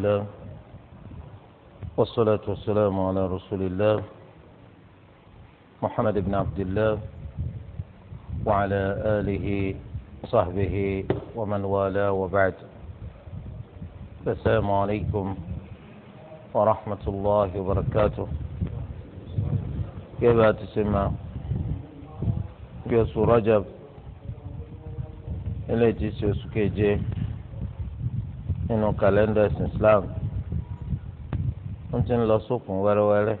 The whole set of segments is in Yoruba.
الله والصلاة والسلام على رسول الله محمد بن عبد الله وعلى آله وصحبه ومن والاه وبعد السلام عليكم ورحمة الله وبركاته كيف تسمى يسو رجب إليتي سيسكي جي nínú kàlẹ́ndà ẹ̀sìn Islam wọ́n ti ń lọ sókun wẹ́rẹ́wẹ́rẹ́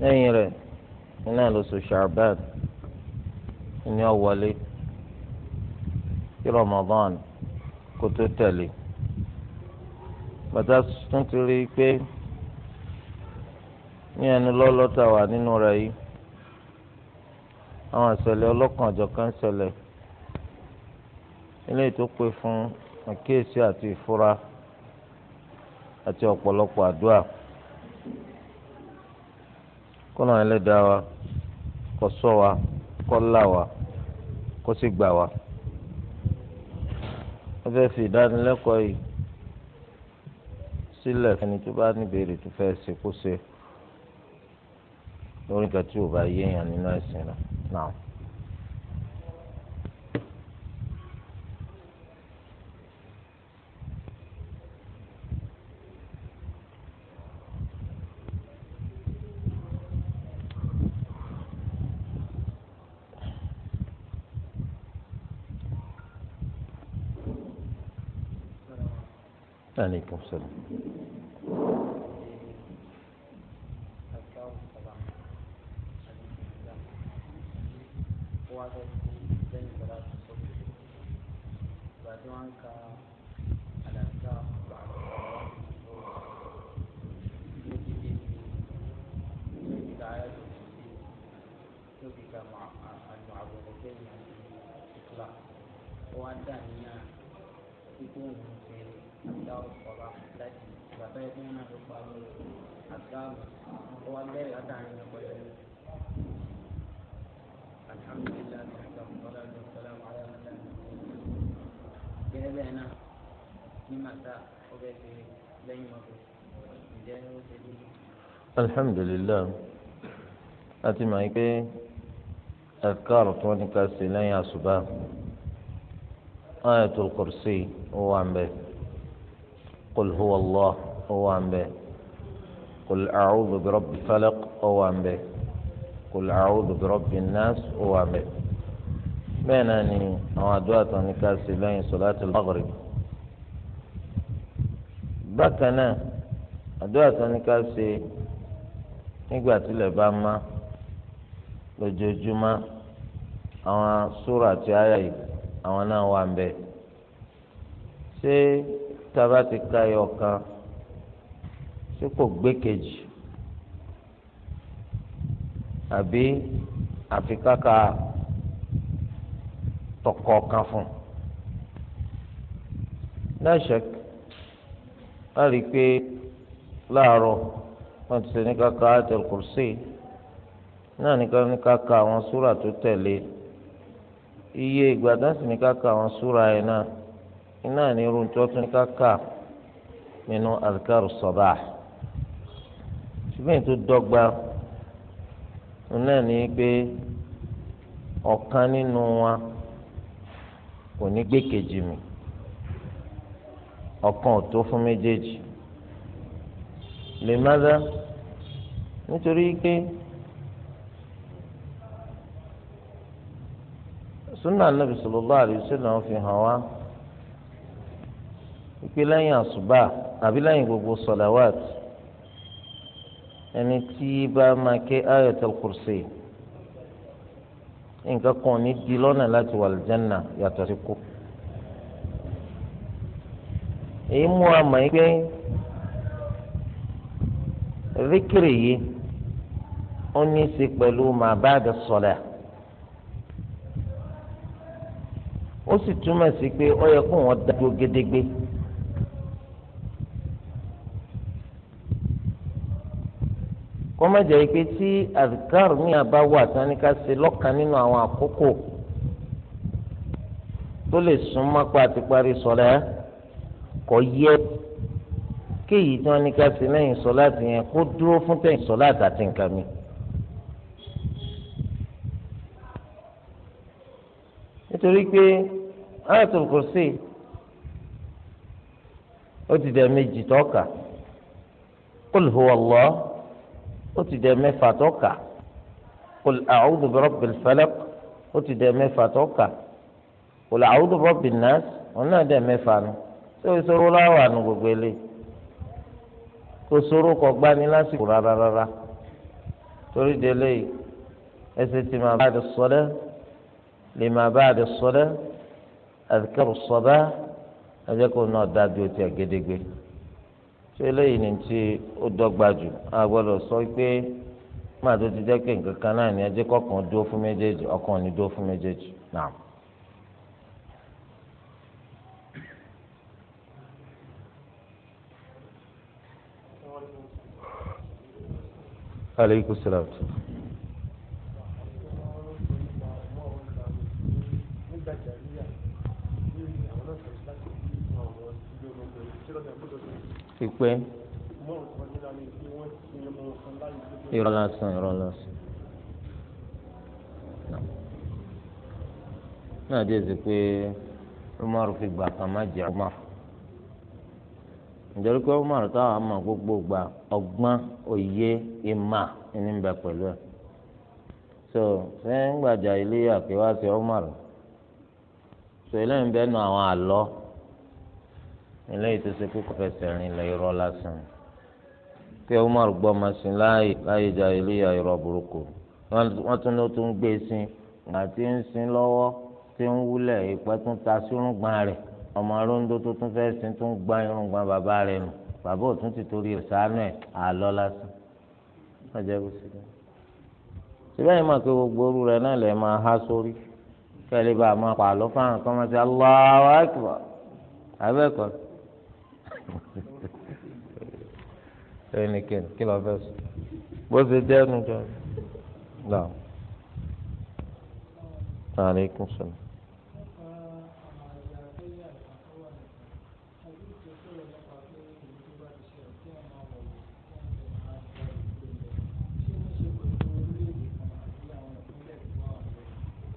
lẹ́yìn rẹ̀ iná lóṣù Sha'ban ní ọ̀wọ́lé kí Ramadan kó tó tẹ̀lé bàtà tún ti rí i pé ní ẹnu lọ́lọ́ta wà nínú rẹ̀ yìí àwọn ìṣẹ̀lẹ̀ ọlọ́kan ò ṣẹlẹ̀ eléyìí tó pe fún àkíyèsí àti ìfura àti ọ̀pọ̀lọpọ̀ àdúrà kọ́nà ẹlẹ́dàá wa kó wa kó là wa kó sì gbà wa. wọ́n fẹ́ fi ìdánilẹ́kọ̀ọ́ yìí sílẹ̀ fẹ́ni tó bá níbèrè tó fẹ́ ṣe kó ṣe lórí Un pour cela. bẹ́ẹ̀ náà ní màtá ọbẹ̀ ṣe lẹ́yìn ọbẹ̀ ǹjẹ́ ó ṣe lójú. alhamdulilayi láti máa ń pé ẹ̀káàrọ̀ tí wọ́n ní ká ṣe lẹ́yìn àṣùbà ayatul kursi ó wà ń bẹ̀ qul huwa allah ó wà ń bẹ̀ qul a'udhu bi rabbil falaq ó wà ń bẹ̀ qul a'udhu bi rabbin nas ó bẹ́ẹ̀ náà ni àwọn àdúrà tó ní ká ṣe lẹ́yìn sọ̀láàtì lọ́gọ̀rì bákan náà àdúrà tó ní ká ṣe nígbà tílẹ̀ bá má lójoojúmọ́ àwọn súrà àti àyà yìí àwọn náà wà ń bẹ ṣé tábà ti ka ẹyọ kan ṣé kò gbé kejì àbí àfikáka. tọkọọkan fún láṣẹ a pé láàárọ̀ wọn ti ṣe ní kaka ayatul ka náà ní kaka àwọn súrà tó tẹ̀lé iye ìgbà tó ń ní kaka àwọn súrà yẹn náà iná ní irun tó tún ní kaka nínú ṣùgbọ́n ètò dọ́gba náà ní pé kò ní gbé kejì mi ọ̀kan ò tó fún méjèèjì lè má dá nítorí pé sunna anabi fi hàn wá lẹ́yìn àṣùbà àbí lẹ́yìn gbogbo sọ̀làwàt ẹni tí bá máa ké nǹkan kan ní di lọ́nà láti wà lìjánà yàtọ̀ sí kú. èyí mú wa mọ̀ pé zikiri yìí ó ní í ṣe pẹ̀lú màá bá dé sọ̀lá. ó sì túmọ̀ sí pé ó yẹ kó wọ́n dá dúró gédégbé. kó má jẹ́ pé tí àdìkárù mi àbá wà tán ní ká lọ́kàn nínú àwọn àkókò tó lè sún mọ́pá àti parí sọ̀lá kò yẹ kéyìí tí wọ́n ní ká lẹ́yìn ti yẹn kó dúró fún tẹ̀yìn àti nǹkan nítorí pé ó ti ó ti dẹ mẹ́fà tó kà qul a'udhu bi rabbil falaq ó ti dẹ mẹ́fà tó kà qul a'udhu bi rabbin nas òun náà dẹ mẹ́fà nù ṣé o ṣòro láwà nù gbogbo eléyìí kò ṣòro kò gbani lásìkò rárá rárá torí délé ẹsẹ tí ma ba'da as-salah lima ba'da as-salah adhkaru as-sabah ẹjẹ kò náà dájú ti ẹgẹdẹgbẹ. ṣé eléyìí ni ti ó so jù a gbọ́dọ̀ sọ pé máa tó ti jẹ́ pé nǹkan kan náà ní ẹjẹ́ dúró ìpè irọ́ lásán irọ́ lásán náà dé sí pé Umar fi gbà kan má jẹ Umar nítorí pé Umar táwọn àmọ́ gbogbo gba ọgbọ́n òye ìmà ní bẹ pẹ̀lú ẹ̀ so ṣé ń gbàjà ilé àpéwá sí Umar so eléyìí bẹ́ẹ̀ nu àwọn àlọ́ eléyìí tó ṣe kókò fẹsẹ̀ rìn lẹ̀ irọ́ lásán pé Umar gbọ́ máa sin láàyè jà iléyà irọ́ burúkú wọ́n tún ló tún gbé sin àti ń sin lọ́wọ́ tí ń wúlẹ̀ ìpẹ́ tún ta sírùngbọ̀n rẹ̀ ọmọ aróńdó tó tún fẹ́ sin tún gbá irùngbọ̀n bàbá rẹ̀ nù bàbá òtún ti torí ìsánú ẹ̀ àlọ́ lásán wọ́n jẹ́ kó sí síbẹ̀ yìí máa pé gbogbo orú rẹ̀ náà lẹ̀ máa há sórí kẹ́lẹ́ bá a máa pa fáwọn kan máa ti Allahu Akbar abẹ́ẹ̀kọ́ ẹnikẹ́ni kí lọ́ọ́ fẹ́ sùn bó ṣe jẹ́ nu jọ náà aleykum salaam.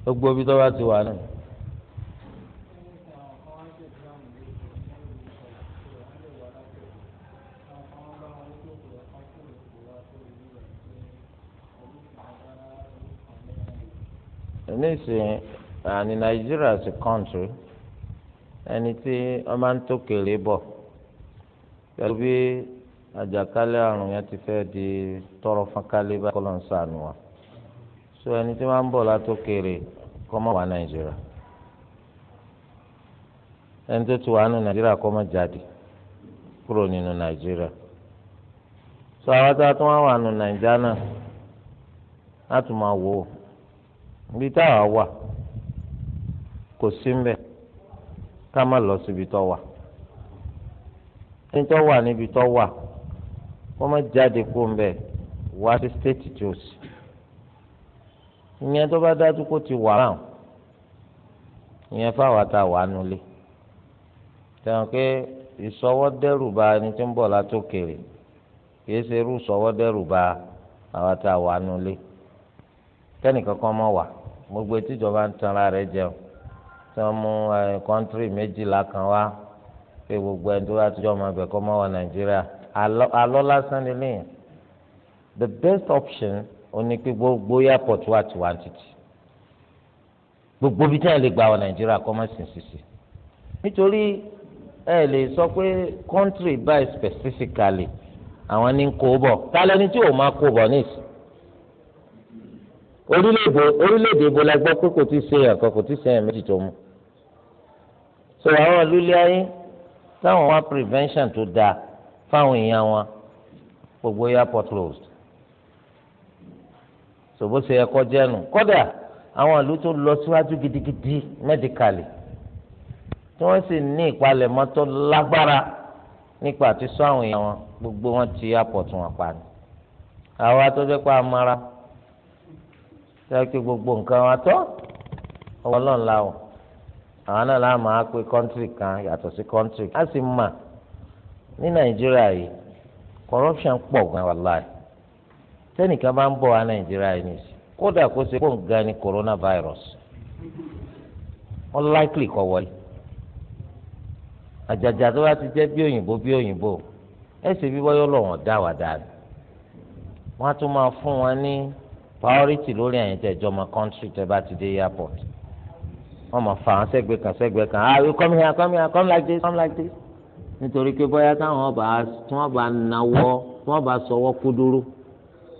gbogbo bí tó bá ti wà náà. nísìnyí àní nàìjíríà is a country ẹni tí wọ́n máa ń tó kéré bọ̀ pẹ̀lú bí àjàkálẹ̀ àrùn yẹn ti fẹ́ di tọrọ fọ́nkálẹ̀ bá kọ́lọ́ ń sànù wa so ẹni tí wọ́n máa ń bọ̀ látòkèrè kọ́ mọ́ wà nàìjíríà ẹni tó ti wà nù nàìjíríà kọ́ mọ́ jáde kúrò nínú nàìjíríà so àwọn tó wà nù nàìjíríà náà láti wò ó. ibi táwa wà kò sí mbẹ ká má lọ síbi tó wà ẹni tó wà níbi tó wà wọ́n má jáde kó mbẹ wá sí stéètì tí sì ti wà ráùn ìyẹn fáwọn tá wà nulẹ̀ tẹ̀wọ̀n pé ìsọwọ́dẹ́rùbà ẹni tí ń bọ̀ látòkèrè kìí ṣe irú àwọn wà nulẹ̀ mọ̀ gbogbo tíjọba ń tanra rẹ̀ jẹun tí wọ́n mú kọ́ńtírì méjìlá kan wá pé gbogbo ẹni tó bá tijọ́ ọmọ ẹgbẹ́ kọ́ mọ́ wọ nàìjíríà alọ́ lásán ni lẹ́yìn the best option oní pé gbogbo airport wà tiwa títì gbogbo bí táyà lè gba wọ nàìjíríà kọ́ mọ́ sìn sísì nítorí ẹ lè sọ pé kọ́ńtírì báyìí specifically àwọn ní kó bọ̀ tálẹ́ni tí ò máa kó bọ̀ nísì orílẹ̀-èdè orílẹ̀-èdè ibo la gbọ́ pé kò ti ṣe ẹ̀kọ́ kò ti ṣe ẹ̀ méjì tó mu. sọ àwọn ìlúlẹ̀ ayé táwọn wá prevention tó dáa fáwọn èèyàn wọn gbogbo airport closed. sòbó ṣe ẹ̀kọ́ jẹ́nu kódà àwọn ìlú tó lọ síwájú gidigidi medically. tí wọ́n sì ní ìpalẹ̀mọ́ tó lágbára nípa àti sọ àwọn èèyàn wọn gbogbo wọn ti airport wọn pa ni. àwa tó jẹ́ pé a mara. sẹ́kì gbogbo nǹkan wa tọ́ ọwọ́ ọlọ́run la o àwọn náà la máa pe kọ́ńtìrì kan yàtọ̀ sí kọ́ńtìrì a sì mà ní nàìjíríà yìí corruption pọ̀ gan wàláì tẹ́nìkan bá ń bọ̀ wá nàìjíríà yìí nìyí kódà kó ṣe kó nǹkan ní coronavirus unlikely kọ wọlé àjàjà tó bá ti jẹ́ bí òyìnbó bí òyìnbó lọ́wọ́n dáadáa wọ́n á priority lórí ẹ̀yin tẹ̀ jọmọ country tẹ̀ bá ti dé airport wọ́n mọ̀ fà án sẹ́gbẹ̀ẹ́ kan ah you come here come here come like this come like this nítorí pé bóyá táwọn ọba tí wọ́n bá nawọ́ tí wọ́n bá sọwọ́ kúdúrú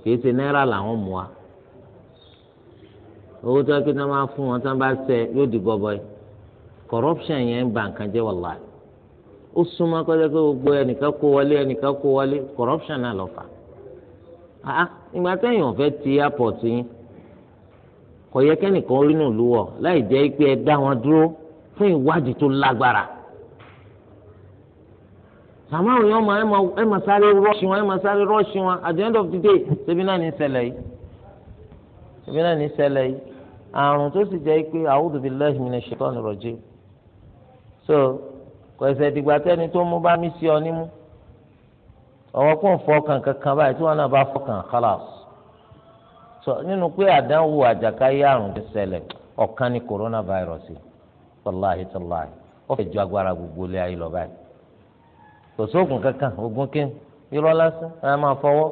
kìí ṣe náírà làwọn mú wa owó kí wọ́n máa fún wọn tí wọ́n bá yóò di gọbọi corruption yẹn ń ba nǹkan jẹ́ wàlá ó súnmọ́ kọ́jọ́ gbogbo ẹnìkan kó wọlé ẹnìkan kó wọlé corruption náà lọ fà ah, ah. ìgbà tẹ́yìn ọ̀fẹ́ ti airport kò yẹ kẹ́nìkan orí nù lúwọ̀ láì jẹ́ pé ẹ dá wọn dúró fún ìwádìí tó lágbára sàmáwò ọmọ ẹ máa sáré rọ́ọ̀ṣì wọn ẹ máa sáré rọ́ọ̀ṣì wọn at the end of the day ṣebí náà ní ṣẹlẹ̀ yìí ṣebí náà ní ṣẹlẹ̀ yìí àrùn tó sì jẹ́ pé a'udhu billahi minash shaitani rajim so kò ẹsẹ̀ dìgbà tẹ́ni tó mú bá mi sí ọ nímú ọwọ́ kò fọkàn kankan báyìí tí wọ́n náà bá fọkàn kálás sọ nínú pé àdánwò àjàkáyé àrùn ti ṣẹlẹ̀ ọ̀kan ní coronavirus wàláhi tàláhi ó fẹ́ ju agbára gbogbo ilé ayé lọ báyìí kò sóògùn kankan oògùn kí irọ́ lásán ẹ máa fọwọ́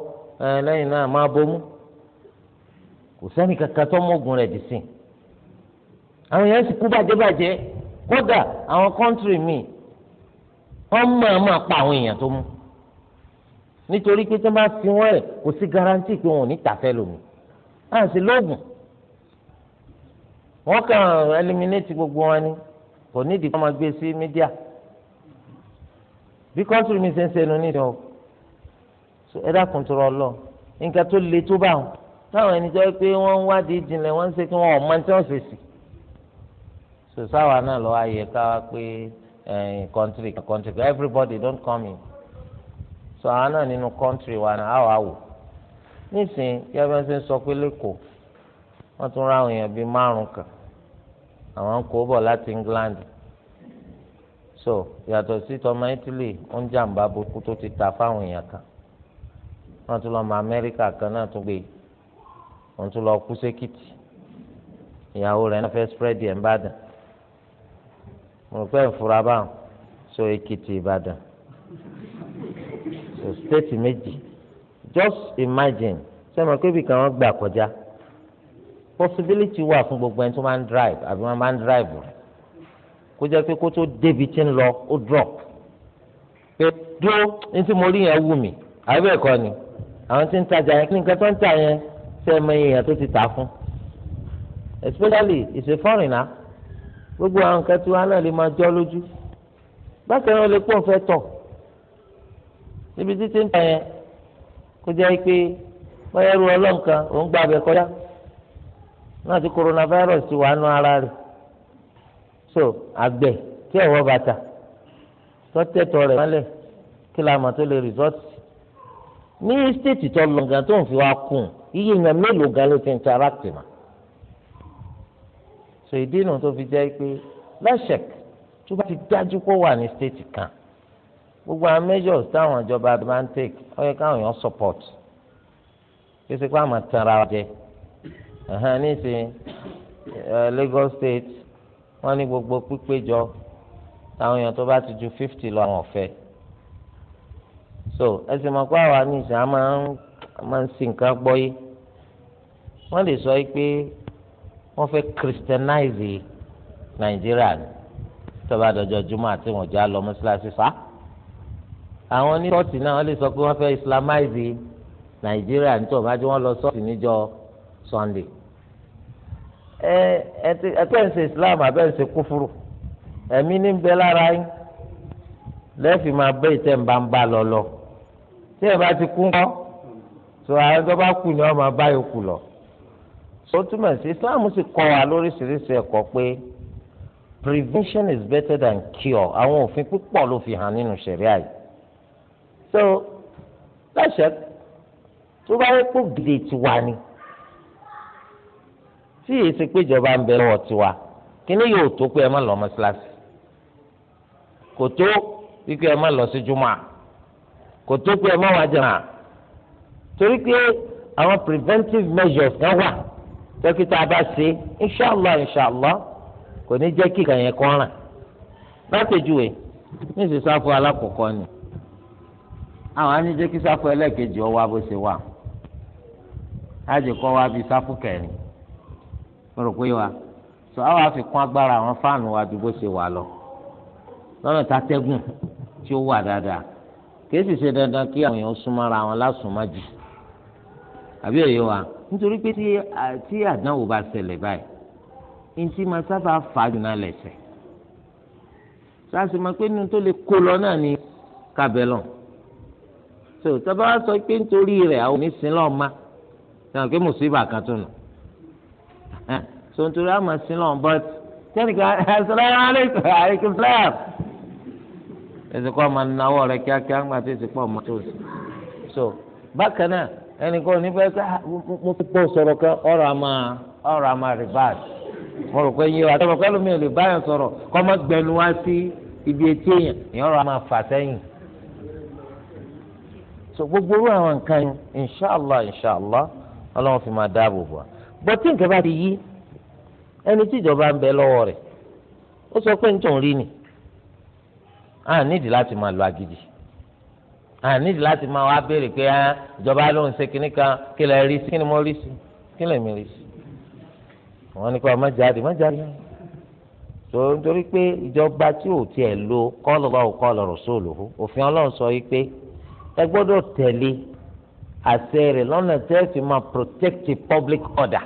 ẹ lẹ́yìn náà máa bomú kò sẹ́ni kankan tó mọ́gun rẹ̀ dì sí àwọn yẹn sì kú bàjẹ́bàjẹ́ kódà àwọn kọ́ńtìrì míì wọ́n mọ̀ máa pa àwọn èèyàn tó mú nítorí pé tí wọ́n bá fi wọ́n rẹ̀ kò sí garanti pé wọn ò ní tàfẹ́ lómi à ń ṣe lóògùn wọ́n kàn eliminate gbogbo wọn ni kò nídìí kó máa gbé sí mídíà bí kọ́ńtùrù mi ṣe ń ṣẹnu ní ìdánwò ẹ dákun tó rọ lọ nǹkan tó le tó bá wọn táwọn ẹni tó yẹ pé wọ́n ń wádìí ìjìnlẹ̀ wọ́n ń ṣe kí wọ́n ọ̀mọ tí wọ́n ṣe so sáwa náà lọ́wọ́ ayẹ ká wá pé kọ́ńtùrì eh, kọ́ńtùrì everybody don come in sọ àwọn náà nínú kọ́ńtìrì wa náà àwọn àwò nísìnyí bí a bá ń ṣe ń sọ pé lẹ́kọ̀ọ́ wọ́n tún ra àwọn èèyàn bíi márùn kan àwọn kò bọ̀ láti England so yàtọ̀ sí tọmọ Italy ó ń jàǹbá burúkú tó ti ta fáwọn èèyàn kan wọ́n tún lọ mọ Amẹ́ríkà kan náà tún gbé wọ́n tún lọ kú sékìtì ìyàwó rẹ̀ náà fẹ́ spread ẹ̀ ń bàdàn mo rò pé ìfura báwọn so Èkìtì Ìbàdàn so state méjì just imagine sẹ́wọ̀n pé ibìkan wọn gbà kọjá possibility wa fún gbogbo ẹni tó máa ń drive àbí wọn máa ń drive kó jẹ́ pé kó tó débi tí ń lọ ó drop pé dúró ní tí mo rí yẹn wù mí àbí ẹ̀kọ́ ni àwọn tí ń tajà yẹn kí nǹkan tó ń tà yẹn ṣe mọ iye tó ti tà fún especially ìṣe fọ́rìnà gbogbo àwọn nǹkan tí wọn náà lè máa jọ lójú bákan náà lè pọ̀ ń fẹ́ tọ̀ níbi títí ń tà yẹn kó jẹ́ pé bóyá ẹrú ọlọ́nkan òun gba abẹ kọjá náà ti coronavirus ti wà nù ara rẹ̀ so àgbẹ̀ tí ẹ̀wọ́ bàtà tọ́tẹ̀tọ̀ rẹ̀ mọ́lẹ̀ kí la mọ̀ tó lè rìsọ́ọ̀tì ní stéètì tó lọ gan tó ń fi wá kùn iye èèyàn mélòó gan ló ti ń interact mà so ìdí nu tó fi jẹ́ pé lẹ́sẹ̀k tó bá ti dájú pé ó wà ní stéètì kan gbogbo àwọn measures táwọn ìjọba bá ń take ó yẹ káwọn èèyàn support kí ṣe pé àwọn tanra wa jẹ ẹ̀hán nísìnyí Lagos state wọ́n ní gbogbo pípéjọ táwọn èèyàn tó bá ti ju fifty lọ àwọn ọ̀fẹ́ so ẹ sì mọ̀ pé àwa nísìnyí a máa ń sin nǹkan gbọ́ yìí wọ́n lè sọ pé wọ́n fẹ́ christianize nàìjíríà ní tọ́ba dọjọ́ jùmọ̀ àti wọ́n já lọ mọ́ṣáláṣí fa àwọn ní ṣọ́ọ̀ṣì náà wọ́n lè sọ pé wọ́n fẹ́ islamize nàìjíríà nítorí wọ́n bá jẹ́ wọ́n lọ ṣọ́ọ̀ṣì níjọ́ sunday ẹ ẹ ẹ islam abẹ́ ń ṣe kúfúrú ẹ̀mí ní bẹ lára yín lẹ́ẹ̀fì máa bẹ́ ìtẹ́ ń bá ń bá lọ lọ tí ẹ bá ti kú ńkọ́ tó àwọn tó bá kù ni wọ́n máa bá yòókù lọ. ó túmọ̀ sí islam sì kọ́ wa lóríṣiríṣi ẹ̀kọ́ pé prevention is better than cure àwọn òfin púpọ̀ ló fi hàn nínú ṣẹ̀ríà yìí so láṣẹ tó bá yẹ kó gidi tiwa ni tí èyí ti péjọba ń bẹ lọ́wọ́ tiwa kíní yóò tó pé ẹ má lọ mọ́ṣáláṣí kò tó pé ẹ má lọ sí jùmọ̀ kò tó pé ẹ má wá jẹun à torí pé àwọn preventive measures kan wà dókítà bá ṣe inṣàlá inṣàlá kò ní jẹ́ kí ìkànnì kan ràn látẹ̀júwe ní ìṣẹ̀ṣẹ̀ àfọ alákọ̀ọ́kọ́ ni àwọn anijẹ́ kí sáfù ẹlẹ́ẹ̀kejì ọwọ́ abó ṣe wà àjẹkọ́ wa bíi sáfù kẹrin mo rò pé wa sọ àwọn àfikún agbára àwọn fáànù wa ju bó ṣe wà lọ lọ́nà tàtẹ́gùn tí ó wà dáadáa kì í sì ṣe dandan kí àwọn èèyàn súnmọ́ra wọn lásùnmájì àbí òye wa nítorí pé tí àdánwò bá ṣẹlẹ̀ báyìí ntí máa sábà fàájú náà lẹ̀sẹ̀ sáà sì máa pé nínú tó lè kó lọ náà ní kábẹ́lọ̀n so tọ́ba wá sọ pé nítorí rẹ̀ àwọn oníṣìn lọ́ọ́ ma pé mùsùlùmí tó nù so nítorí àwọn oníṣìn lọ́ọ́ kọ́ kíákíá ń gbà tó pọ̀ tó so bákan náà mo ti pọ̀ sọ̀rọ̀ kan ọ̀rọ̀ àmà ọ̀rọ̀ àmà mo rò pé pẹ́lú mi ò lè báyọ̀ sọ̀rọ̀ kọ́ mọ́ gbẹnu wá sí ibi etí èèyàn àmà so gbogbo irú àwọn nǹkan yẹn inshàlá inshàlá ọlọ́run fi máa dáàbò bò wá bọ́tí nǹkan bá ti yí ẹni tí ìjọba ń bẹ lọ́wọ́ rẹ̀ ó sọ pé nítorí rí ni a nídìí láti máa lo agídí a nídìí láti máa wá béèrè pé ah, ìjọba ló ń ṣe kíní kan kí lè rí sí kí ni mo rí sí kí lè mi rí sí wọn ní kó má jáde má jáde torí pé ìjọba tí ò tiẹ̀ lo kọ́ lọ́wọ́ kọ́ lọ́rọ̀ sóòlù òfin ọlọ́run sọ yìí pé ẹ gbọ́dọ̀ tẹ̀lé àṣẹ rẹ̀ lọ́nà tẹ́ ẹ fi máa protect the public order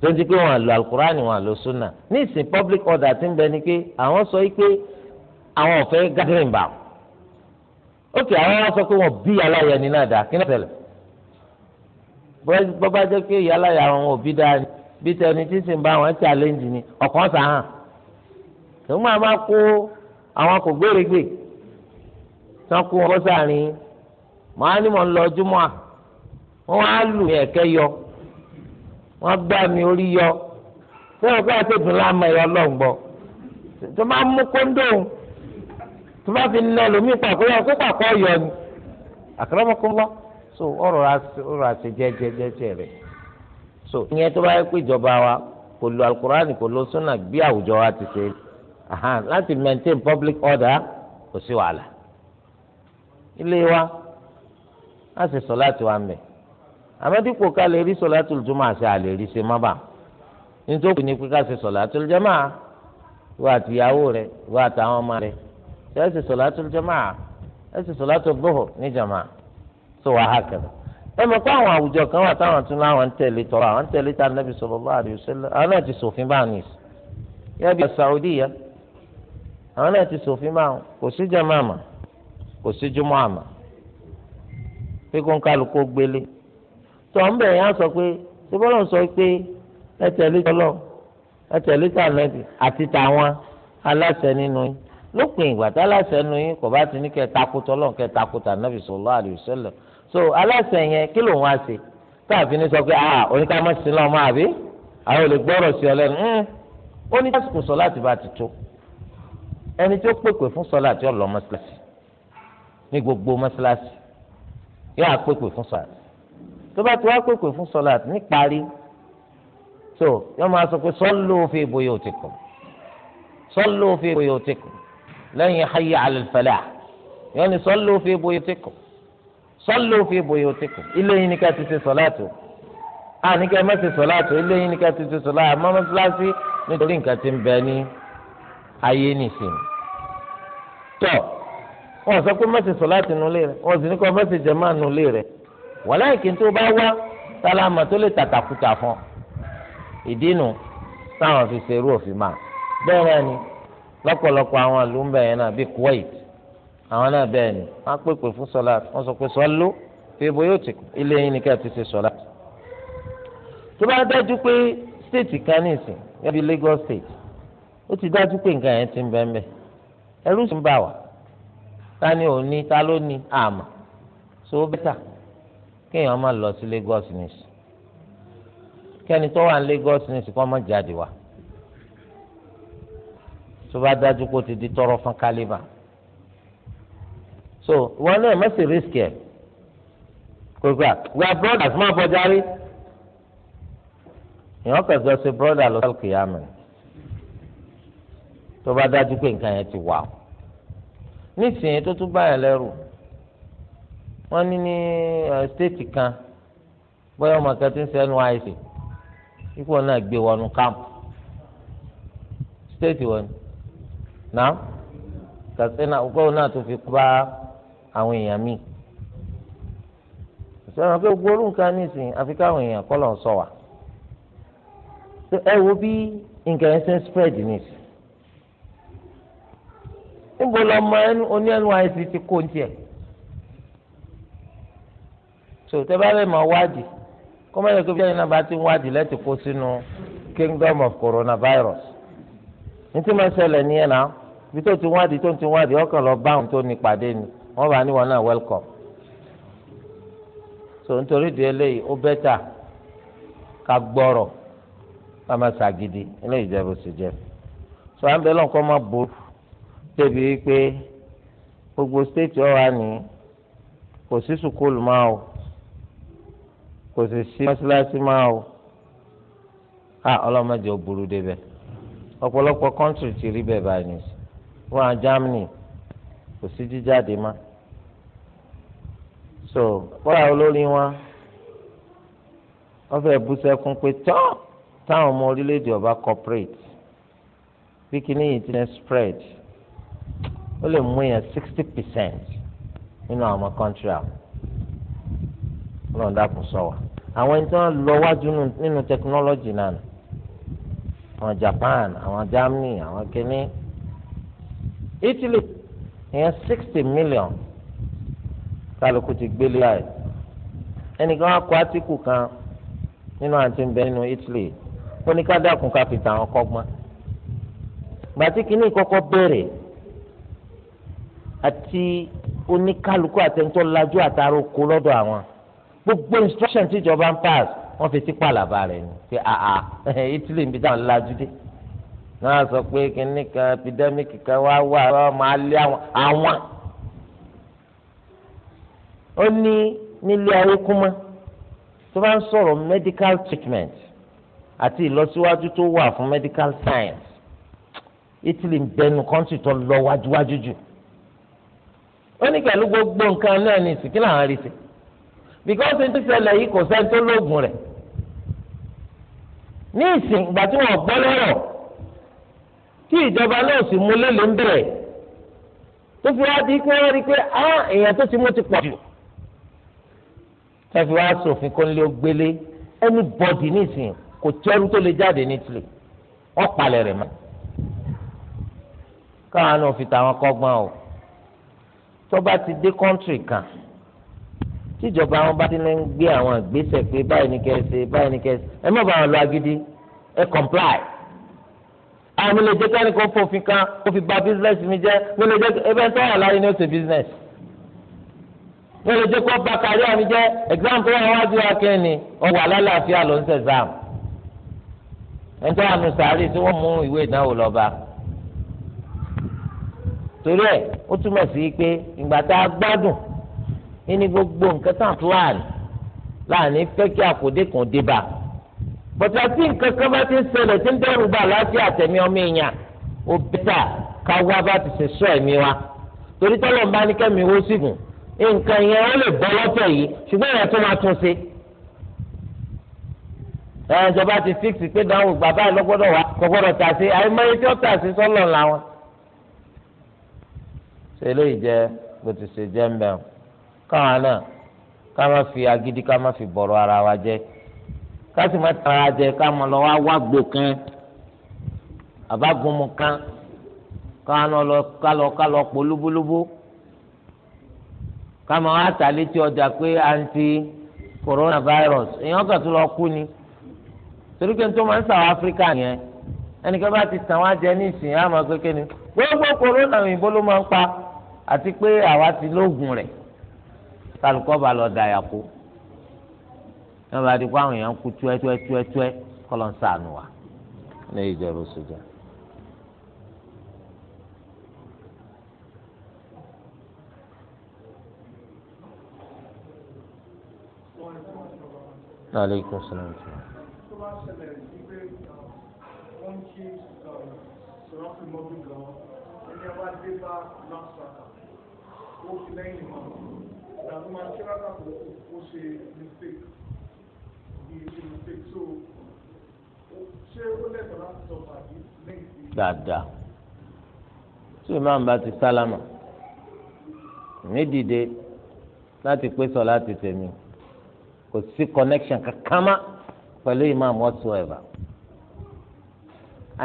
tó ń di Lo wọn àlò alukurani wọn lo suna. ní ìsìn public order ti ń bẹ ni pé àwọn sọ pé àwọn ò fẹ́ gathering bá ok àwọn wọn sọ pé wọn bí aláya ni náà dá kí náà tẹ̀lé bọ́bá jẹ́ pé ìyá aláya àwọn òbí dáa ni bí tẹni tí sì ń bá wọn challenge ni ọ̀kan sàn án tòun máa máa kó àwọn kò gbèrègbè. tán kó wọn sàárín màá ní mò yọ wọ́n gbá mi orí yọ sẹ́wọ̀n kí wọ́n ti dùn láàmú ẹ̀yọ lọ́ngbọ́ tó máa mú kóńdó bá fi nà lómi yọ ni so ọ̀rọ̀ so wa lo lo sunna maintain public order ilé wa A sì sọ láti wà ká lè rí sọ̀láàtù jùmọ̀ àti àlè rí ṣe má nítorí ní pé ká ṣe sọ̀láàtù jàmá wà àtìyàwó rẹ̀ wà àtàwọn ọmọ rẹ̀ ṣe é ṣe sọ̀láàtù jàmá ẹ ṣe sọ̀láàtù gbòhò ní jàmá tó wàá hàkẹ́rẹ́ ẹ mọ̀ pé àwọn àwùjọ kan wà táwọn tún láwọn ń tẹ̀lé tọrọ àwọn ń tá àwọn náà ti kò sí júmọ́ àmà pé kó ń kálukú gbélé tó ń bẹ̀ yẹn á sọ pé ṣé bọ́lá ń sọ pé ẹ tẹ̀lé tọ́lọ́ ẹ tẹ̀lé tànàbì àti tàwọn aláṣẹ nínú yín lópin ìgbà tá aláṣẹ nínú yín kò bá ti ní kẹ́ takò tọ́lọ́ kẹ́ takò tànàbì sallallahu alaihi so aláṣẹ yẹn kí lòun á ṣe káàfin ní sọ pé ah oníkàmọ́sí náà máa bí àwọn olè gbọ́rọ̀ sí ọ lẹ́nu ó ní kásìkò sọ láti bá ti tó ẹni tí ó pèpè fún sọ láti ọ lọ ní gbogbo mọ́ṣáláṣí yóò àpèpè fún sọ̀làt tó bá ti wá pèpè fún sọ̀làt níparí tó yóò máa sọ pé sọ́lù fi buyutikum sọ́lù fi buyutikum lẹ́yìn hayya ala al-falah yóò ní sọ́lù fi buyutikum sọ́lù fi buyutikum ilé yìí ni ká ti ṣe sọ̀làt o àní ká má ṣe sọ̀làt o ilé yìí ni ká ti ṣe sọ̀làt àmọ́ mọ́ṣáláṣí nítorí nǹkan ti ń bẹ ní ayé nìsín tó wọn sọ pé mẹsì sọ láti nu ilé rẹ wọn sì ní kọ mẹsì jẹ máa nu ilé rẹ wàláìkì tó bá wá sálámà tó lè tàtàkùtà fún ìdí nu táwọn fi ṣerú òfin máa bẹ́ẹ̀ náà ni lọ́pọ̀lọpọ̀ àwọn àlùmbẹ̀ yẹn náà bíi Kuwait àwọn náà bẹ́ẹ̀ ni wọ́n á pèpè fún sọlá wọ́n sọ pé sọlú fíbo yóò ti ilé yín ni ká ti ṣe sọlá. tó bá dájú pé stéètì kan ní ìsìn yẹn bíi Lagos state ó ti dájú pé nǹkan yẹn ti ń bẹ́ẹ̀ mẹ́ ẹrú sì ń bà wá tani ò ní ta ló ní àmà so bẹ́tà kéèyàn máa lọ sí Lagos news kẹ́ni tó wà ní Lagos news kọ́ máa jáde wá tó bá dájú kó ti di tọrọ fún kálíbà so wọn náà má sì risk ẹ kókó à we are brothers máa bọ járe èèyàn kẹsàn-án ṣe brother lọ sí kìyàmù tó bá dájú pé nǹkan yẹn ti wà o. nísìnyí tó tún báyà lẹ́rù wọ́n ní ní kan bóyá ọmọ kan ti ń sẹ́nu àìsè ikú wọn náà gbé wọnú wọn náà ọgọ́rùn náà tó fi pa àwọn èèyàn míì sọ̀rọ̀ pé gbóòórùn nǹkan nísìnyí àfi káwọn èèyàn kọ́ lọ́n sọ wà ẹ wo bí nǹkan ẹ̀ ń níbo lọmọ ẹnu oní NYSC ti kó tiẹ̀ so tẹ́ bá lè mọ̀ wádìí kọ́mọ́lẹ̀ kó bí ẹni náà bá ti ń wádìí lẹ́tì kó sínú kingdom of coronavirus nítorí máa ń ṣẹlẹ̀ ní ẹ̀ náà bí tó ti wádìí tó ti wádìí ọkàn lọ bá tó ní pàdé ni wọ́n bá níwọ̀n náà welcome so nítorí ìdí eléyìí ó bẹ́tà ká gbọ́rọ̀ ká má ṣàgídí eléyìí jẹ́ bó ṣe jẹ́ so à ń bẹ lọ́nkọ́ máa ború débi wípé gbogbo stéètì ọ̀wá ni kò sí sùkúlù máa o kò sì sí mọ́ṣáláṣí máa o a ọlọ́mọdé ò burú débẹ̀ ọ̀pọ̀lọpọ̀ kọ́ńtìrì ti rí bẹ́ẹ̀ báyìí nìyí wọn à Germany kò sí jíjáde má so kọ́lá olórí wọn wọ́n fẹ́ bú sẹ́kún pé tán táwọn ọmọ orílẹ̀-èdè ọba corporate bí kinní yìí ti ń spread ó lè mú yẹn sixty percent nínú àwọn kọ́ńtì àwọn ọlọ́run dàpọ̀ sọ̀wọ́ àwọn ẹni tí wọ́n lọ wájú nínú tẹkinọ́lọ́jì náà nù àwọn Japan àwọn Germany àwọn kìíní Italy ìyẹn sixty million kálukú ti gbélé láì ẹnìkan akọ átíkù kan nínú àti ń bẹ nínú Italy ó ní ká dákun ká fi tàn án kọ́gbọ́n gbàtí kìíní kọ́kọ́ bẹ̀rẹ̀ àti oníkálukú àtẹnutọ́ lajú àtàrà oko lọ́dọ̀ àwọn gbogbo instruction tí ìjọba ń pass wọ́n fi sí pàlàbà rẹ̀ ni pé àà ah, ah, Italy ń bi dáhùn lajú dé náà sọ pé kínní kan epidemic kan wá wà wọ́n máa lé àwọn ó ní nílé ayé kúmọ́ tó bá ń sọ̀rọ̀ medical treatment àti ìlọsíwájú tó wà fún medical science Italy ń bẹnu kọ́ńtì tó lọ wájúwájú jù. Wájú wọ́n ní pẹ̀lú gbogbo nǹkan náà ní ìsìnkí làwọn rí sí bíkọ́sì tó ṣẹlẹ̀ yìí kò sẹ́ni tó lóògùn rẹ̀ ní ìsìn ìgbà tí wọ́n gbọ́ lọ́rọ̀ tí ìjọba náà sì mú lélẹ̀ ń bẹ̀rẹ̀ tó fi wá di pé wọ́n rí i pé á èèyàn tó ti mú ti pọ̀ jù ẹ fi wá sòfin kó ń lé gbélé ẹni bọ́dì ní ìsìn kò tẹ́rù tó lè jáde ní tìlẹ̀ wọ́n rẹ̀ mọ́ káwọn náà fi tàwọn kọ́gbọ́n o tọ́ba ti dé kọ́ńtì kan tíjọba àwọn bá ti lè ń gbé àwọn ìgbésẹ̀ pé báyìí ni kẹ́ ẹ ṣe báyìí ni kẹ́ ẹ ṣe ẹ má bàa lọ agídí ẹ comply àwọn mi lè jẹ́ káni kan fòfin kan kó fi bà business mi jẹ́ mi lè jẹ́ ẹbẹ̀ ń tọ́yà láyé ní ó ṣe business mi lè jẹ́ kó bà kárí àmì jẹ́ exam tó wà wájú wa kẹ́ni ọwọ́ alálàáfíà ló ń ṣe exam ẹ̀ ń tọ́yà nù sàárì tí wọ́n mú ìwé ìdánwò lọ́ba torí ẹ̀ ó túmọ̀ sí pé ìgbà tá a gbádùn ní gbogbo nǹkan tán fúlàní láàánú fẹ́ kí àkòdé kan dé bá bọ̀tà tí nǹkan kan bá ti ń ṣẹlẹ̀ tí ń dẹ́rù bá láti àtẹ̀mí ọmọ èèyàn ó bẹ́tà ká wá bá ti ṣe sọ ẹ̀mí wa torí tọ́lọ̀ ń bá ní kẹ́mi wó sí nǹkan yẹn ó lè bọ́ lọ́tọ̀ yìí ṣùgbọ́n ìyẹn tó máa tún ṣe. ẹ̀ ìjọba ti fíìsì pé dáhùn bàbá ìlọ́gbọ́dọ̀ wa kò tà sí àìmọye tí ó tà sí sọ́lọ̀ làwọn ṣẹlẹ̀ ìjẹ bó ti ṣe jẹ́ mbẹ́ káwọn náà fi agidi ká má fi bọrọ ara wa jẹ má jẹ ká mọ lọ wá wá gbò kan àbágunmu kan káwọn lọ ká lọ ká lọ pọ̀ lóbólóbó ká má wá tà ọjà pé àǹtí coronavirus èèyàn ni torí tó máa ń sàwọn áfíríkà yẹn bá ti tàn wá jẹ ní ìsìn gbogbo corona òyìnbó ló máa àti pé àwa ti lóògùn rẹ̀ kálukọ́ bá lọ da yàkó náà bá di kó àwọn èèyàn kú tuẹ́tuẹ́tuẹ́tuẹ́ kọ́lọ́ ń sànù wa ní ìjọba sójà. aleykum salaam ó fi lẹ́yìn mọ́ ìdààmú máa ṣe rákà tó ó ṣe mistake bí i ṣe mistake so ṣé ó lẹ́tọ̀ọ́ láti sọ pàdé lẹ́yìn sí. dáadáa tí ìmáàmù bá ti sálámà mi dìde láti pé sọ láti tèmi kò sí connection kankan mọ́ pẹ̀lú ìmáàmù whatsoever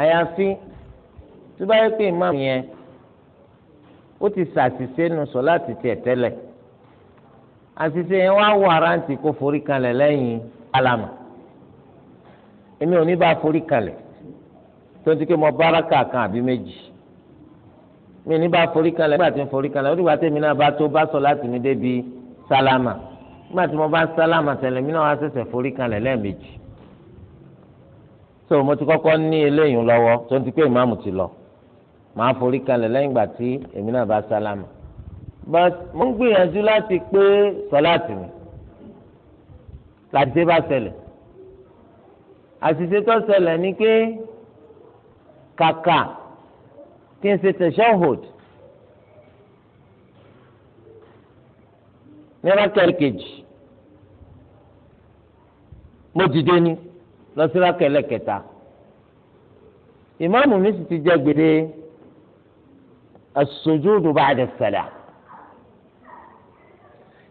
àyàfi tó bá pé ìmáàmù yẹn ó ti ṣàṣìṣe nu sọ láti tiẹ̀ tẹ́lẹ̀ àṣìṣe yẹn wá wọ aráǹtì kó forí kalẹ̀ lẹ́yìn alama èmi ò ní bá forí kalẹ̀ tó ń ti ké mọ báràkà kan àbí méjì mi ò ní bá forí kalẹ̀ nígbà tí mo forí kalẹ̀ ó dìgbà tèmi náà bá tó bá sọ láti mi débi sálámà nígbà tí mo bá sálámà tẹ̀lé mi náà wá ṣẹ̀ṣẹ̀ forí kalẹ̀ lẹ́ẹ̀mejì so mo ti kọ́kọ́ ní eléyìí lọ́wọ́ tó ń ti ké ìmáàmù ti lọ màá forí kalẹ̀ lẹ́yìn ìgbà tí èmi náà bá sálámà but mo ń gbìyànjú láti pé sọláàtì mi làdé bá ṣẹlẹ̀ àṣìṣe tó ṣẹlẹ̀ ni pé kàkà kí n ṣe tashahhud nira kẹrìkejì mo dìde ni lọ sí rákẹlẹ kẹta ìmáàmù mi sì ti jẹ gbèdé as-sujudu ba'da as-salam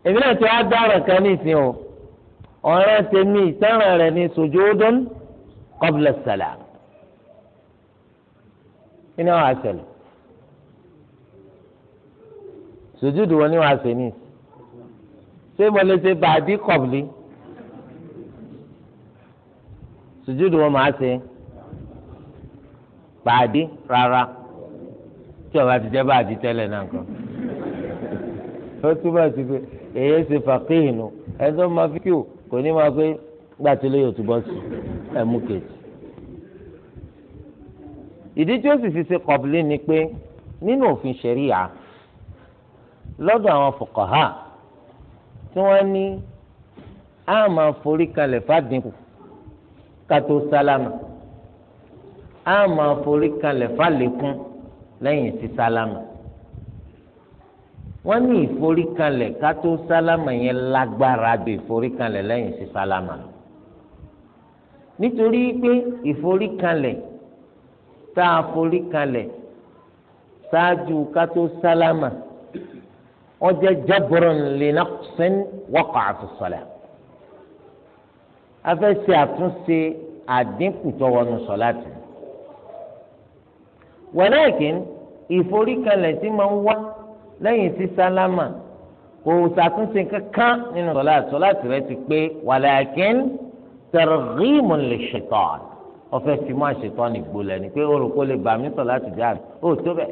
èmi náà ti wá dára kan nísìnyí o ọ̀rẹ́ tèmi ìtẹ́ràn rẹ̀ ní sujudun qabla as-salam kí ni wàá ṣẹlẹ̀ sujudu wọn ni wàá ṣe ní ṣé mo lè ṣe ba'di qabli sujudu wọn màá ṣe ba'di rárá tí ọba ti jẹ́ bá àti tẹ́lẹ̀ náà kan ó túbọ̀ sí pé èyí ṣe fàkíhìn o ẹjọ́ máa fi kí kò ní máa pé gbà tí lóye òtún bọ́ sí ẹ̀mú kejì. ìdí tí ó sì fi ṣe kọ̀bìlì ni pé nínú òfin ṣẹ̀ríyà lọ́dọ̀ àwọn fọkàhà tí wọ́n ní a máa forí kalẹ̀ fàdínkù kátó sálámà a máa forí kalẹ̀ fàlékún lẹ́yìn sí sálámà wọ́n ní ìforíkanlẹ̀ ká tó sálámà yẹn lágbára ju ìforíkanlẹ̀ lẹ́yìn sí sálámà nítorí pé ìforíkanlẹ̀ tá a foríkanlẹ̀ ṣáájú ká tó sálámà ó jẹ́ jabrun li naqsin waqa'a fi salat afẹ́ ṣe àtúnṣe àdínkù tó wọnú walakin ìforíkalẹ̀ tí máa ń wá lẹ́yìn sí sálámà kò ṣàtúnṣe kankan nínú sọlá sọlá tìrẹ ti pé walakin targhimun lish-shaytan ọfẹ fi mọ àṣetọ ní gbolẹ ni pé orúkọ lè bà mí sọ láti dá mi ó tó bẹ.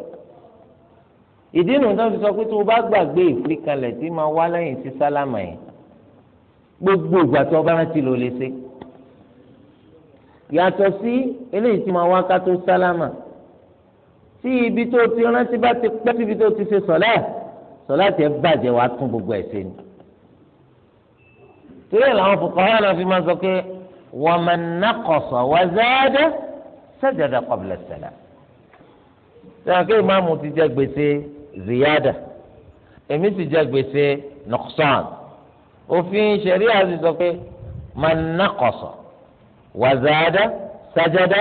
ìdí nu tó fi sọ pé tó o bá gbàgbé ìforíkalẹ̀ tí máa wá lẹ́yìn sí sálámà yẹn gbogbo ìgbà tó o rántí ló lè ṣe. yàtọ̀ sí eléyìí tí máa wá ká tó sálámà tí ibi tó ti rántí bá ti pẹ́ síbi tó ti ṣe sọ̀lá sọ̀lá tiẹ̀ bàjẹ́ wàá tún gbogbo ẹ̀ ṣe ni. torí ẹ̀ làwọn fuqaha náà fi máa sọ pé wa man naqasa wa zada sajada qabla as-salam. sọ̀rọ̀ kí ìmáàmù ti jẹ gbèsè ziyada èmi ti jẹ gbèsè nuqsan òfin ṣẹ̀ríà ti sọ pé man naqasa wa zada sajada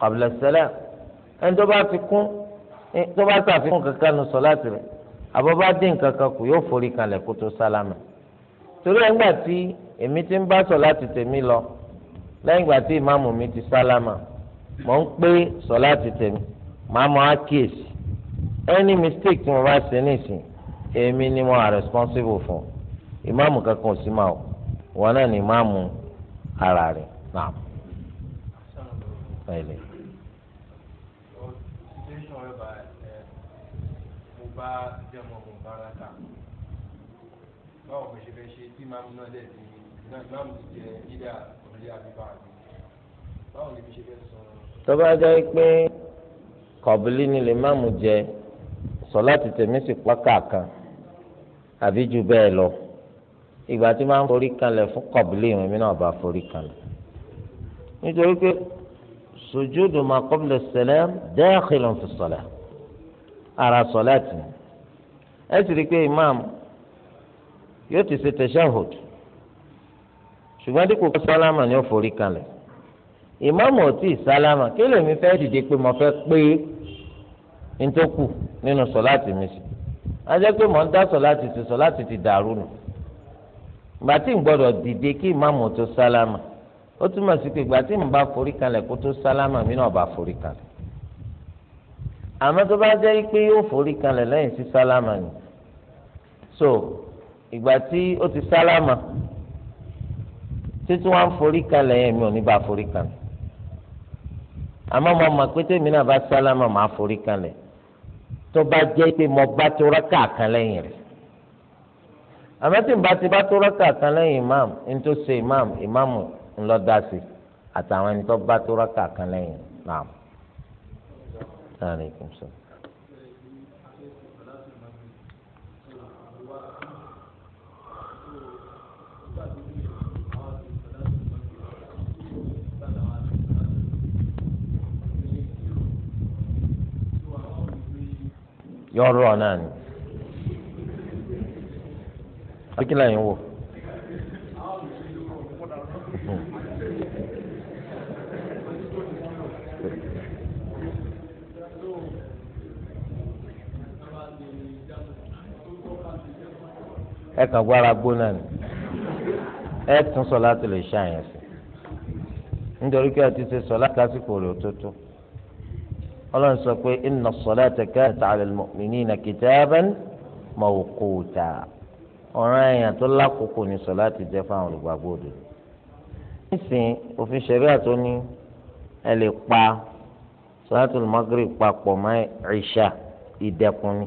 qabla as-salam ẹni tó ti kún tó bá ṣàfihàn kankan nu sọláàtì rẹ̀ àbọ̀ bá dín kankan kù yóò forí kalẹ̀ kó tó sálámà torí ẹgbà tí èmi ti ń bá sọláàtì tèmi lọ lẹ́yìn ìgbà tí ìmáàmù mi ti sálámà mò ń pé sọláàtì tèmi màá mọ àkíyèsí any mistake tí mo bá ṣe nísìn èmi ni mo are responsible fún ìmáàmù kankan ò sí máa o wọn náà ni ìmáàmù ara rẹ̀ náà. bá jẹmọ ọmọ bára ta báwo mo ṣe fẹ́ ṣe tí màmú náà dẹ̀ ti màmú ti jẹ yídà òrìlé àbíbá àbí báwo ni mo ṣe fẹ́ sọ. tó bá jẹ́ pé kọ̀bílì ni lè máàmù jẹ sọlá ti tẹ̀mí sí pákà kan àbí ju bẹ́ẹ̀ lọ ìgbà tí máa ń forí kanlẹ̀ fún kọ̀bílì ìwọ̀n mi náà bá forí kanlẹ̀ nítorí pé sùjúdù máa qabla salam dakhilun fi salah. ara sọláàtì ẹ sì rí i pé imam yóò ti ṣe tẹ̀síàhùd ṣùgbọ́n dípò kó sálámà ni ó forí kalẹ̀ imam ò tí ì sálámà kí lèmi fẹ́ dìde pé mo fẹ́ pé ntòkù nínú sọláàtì mi sí a jẹ́ pé mò ń dá sọláàtì ti sọláàtì ti dàrú nù ìgbà tí n dìde kí imam tó sálámà ó túmọ̀ sí pé ìgbà tí n bá forí kalẹ̀ kó tó sálámà mi náà bá forí kalẹ̀ àmọ́ tó bá jẹ́ pé yóò forí kanlẹ̀ lẹ́yìn sí sálámà ni so ìgbà tí ó ti sálámà títí wọn forí kanlẹ̀ yẹn mi ò ní bá forí kanlẹ̀ àmọ́ mo mọ̀ pé tèmi náà bá sálámà máa forí kanlẹ̀ tó bá jẹ́ pé mo bá tó rákà kan lẹ́yìn rẹ̀ àmọ́ tí n bá ti bá tó rákà kan lẹ́yìn imam n imam imam ńlọ dá sí àtàwọn ẹni tó bá tó rákà kan lẹ́yìn náà aleykum salaam. yọrọ náà ni akínláyìn wò. ẹ kàn gbára gbóná ni ẹ tún sọlá tó lè ṣe àyàn sí nítorí pé ẹ ti ṣe sọlá lásìkò rẹ̀ òtótó ọlọ́run sọ pé inna as-salata kanat 'ala al-mu'minina kitaban mawquta ọ̀ràn èèyàn tó lákòókò ní sọlá ti jẹ́ fáwọn olùgbàgbọ́ nísìnyí òfin ṣẹ̀ríà tó ní ẹ lè pa sọlá tó lè Maghrib papọ̀ mọ́ ìṣà ìdẹkùn ni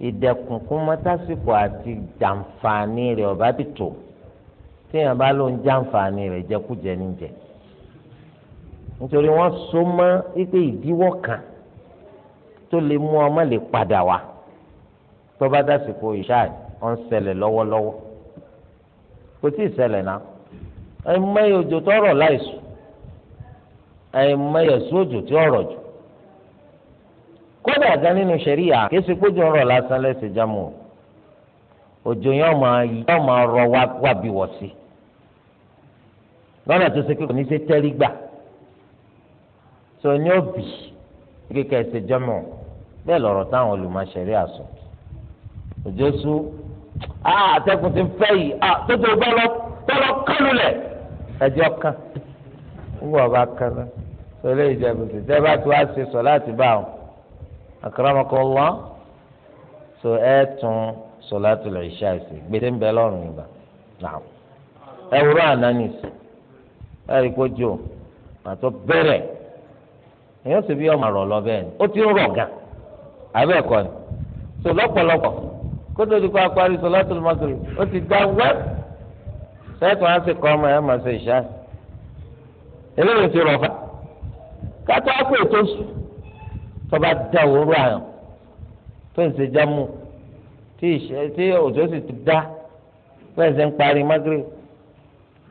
ìdẹ̀kùn kún mọ́tàsíkò àti jàǹfààní rẹ̀ ọ̀bá ti tò téèyàn bá ló ń jàǹfààní rẹ̀ jẹkújẹ níjẹ nítorí wọ́n so mọ́ wípé ìdíwọ́ kan tó lè mú ọmọ lè padà wá tó bá dásìkò ìṣáà ọ̀ ń ṣẹlẹ̀ lọ́wọ́lọ́wọ́ kò tí ì ṣẹlẹ̀ náà ẹ̀mẹ́yẹ òjò tó rọ̀ láìsùn ẹ̀mẹ́yẹ sójò tí ọ̀rọ̀ jù kódà gan nínú ṣẹ̀ríyà kéésì pójú ọ̀rọ̀ lásán lẹ́sẹ̀ jámù òjò yóò máa yóò máa rọ wábí wọ̀ sí lọ́nà tó ṣe pé kò ní ṣe tẹ́rí gbà tó ní òbí kíkẹ́ ẹ̀sẹ̀ jámù bẹ́ẹ̀ lọ̀rọ̀ táwọn olùmọ̀ṣẹ̀rí àsùn òjò sú àtẹkùn ti ń fẹ́ yìí tó tó lọ bọ́ lọ kálulẹ̀ ẹjọ́ ń wọ̀ bá kan sọ lè jẹ́ tẹ́ bá tó wá ṣe sọ láti bá wọn. akramakallah so ẹ tún isha sí gbèsè ń bẹ lọ́rùn ìgbà náà ẹ wúrọ ananis ẹ rí kojú pàtó bẹ̀rẹ̀ èyàn sì bí ọmọ àrọ rọ ni so lọpọlọpọ kótó ti kọ akpari ó ti sẹẹtù wọn á sì kọ ọmọ ẹ máa ṣe ìṣá ti rọ fa tọ́ba dá òwúrọ̀ àyàn tó ń ṣe jámù tí ìṣe tí òjò sì ti dá bẹ́ẹ̀ ṣe ń parí magreth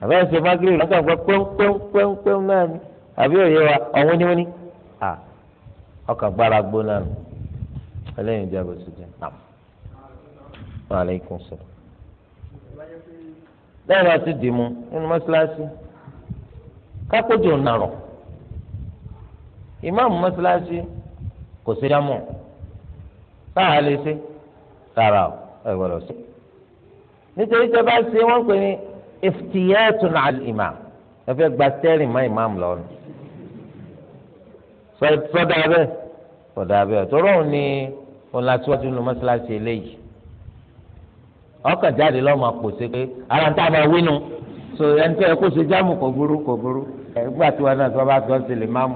àbẹ́ ń ṣe magreth lọ́sọ̀ gbọ́ pẹ́ńpẹ́ńpẹ́ń náà ni àbí òye wa ọ̀hún ni wọ́n ní à ọkà gbára gbóná nù ẹlẹ́yìn ìjà bó ṣe jẹ́ nàm. lẹ́yìn náà ti nínú mọ́ṣáláṣí kápẹ́jọ nàrọ̀ ìmáàmù mọ́ṣáláṣí kò sí dámọ̀ báà lè ṣe rárá o ẹ gbọ́dọ̀ ṣe. nítorí tí a bá ṣe wọ́n pè ní iftiyatun al-imam ẹ fẹ́ gba stẹ́rìn mọ́ ìmáàmù lọ́nu. sọdọ abẹ sọdọ abẹ tọrọ òun ni òun la síwájú nínú mọ́ṣáláṣí eléyìí ọkàn jáde lọ́mọ àpòṣe pé ara ń tá a wínú so ẹni tó yẹ kó ṣe jáàmù kò burú kò burú ẹgbẹ́ àtiwọn náà tí wọ́n bá tọ́ ṣe máàmù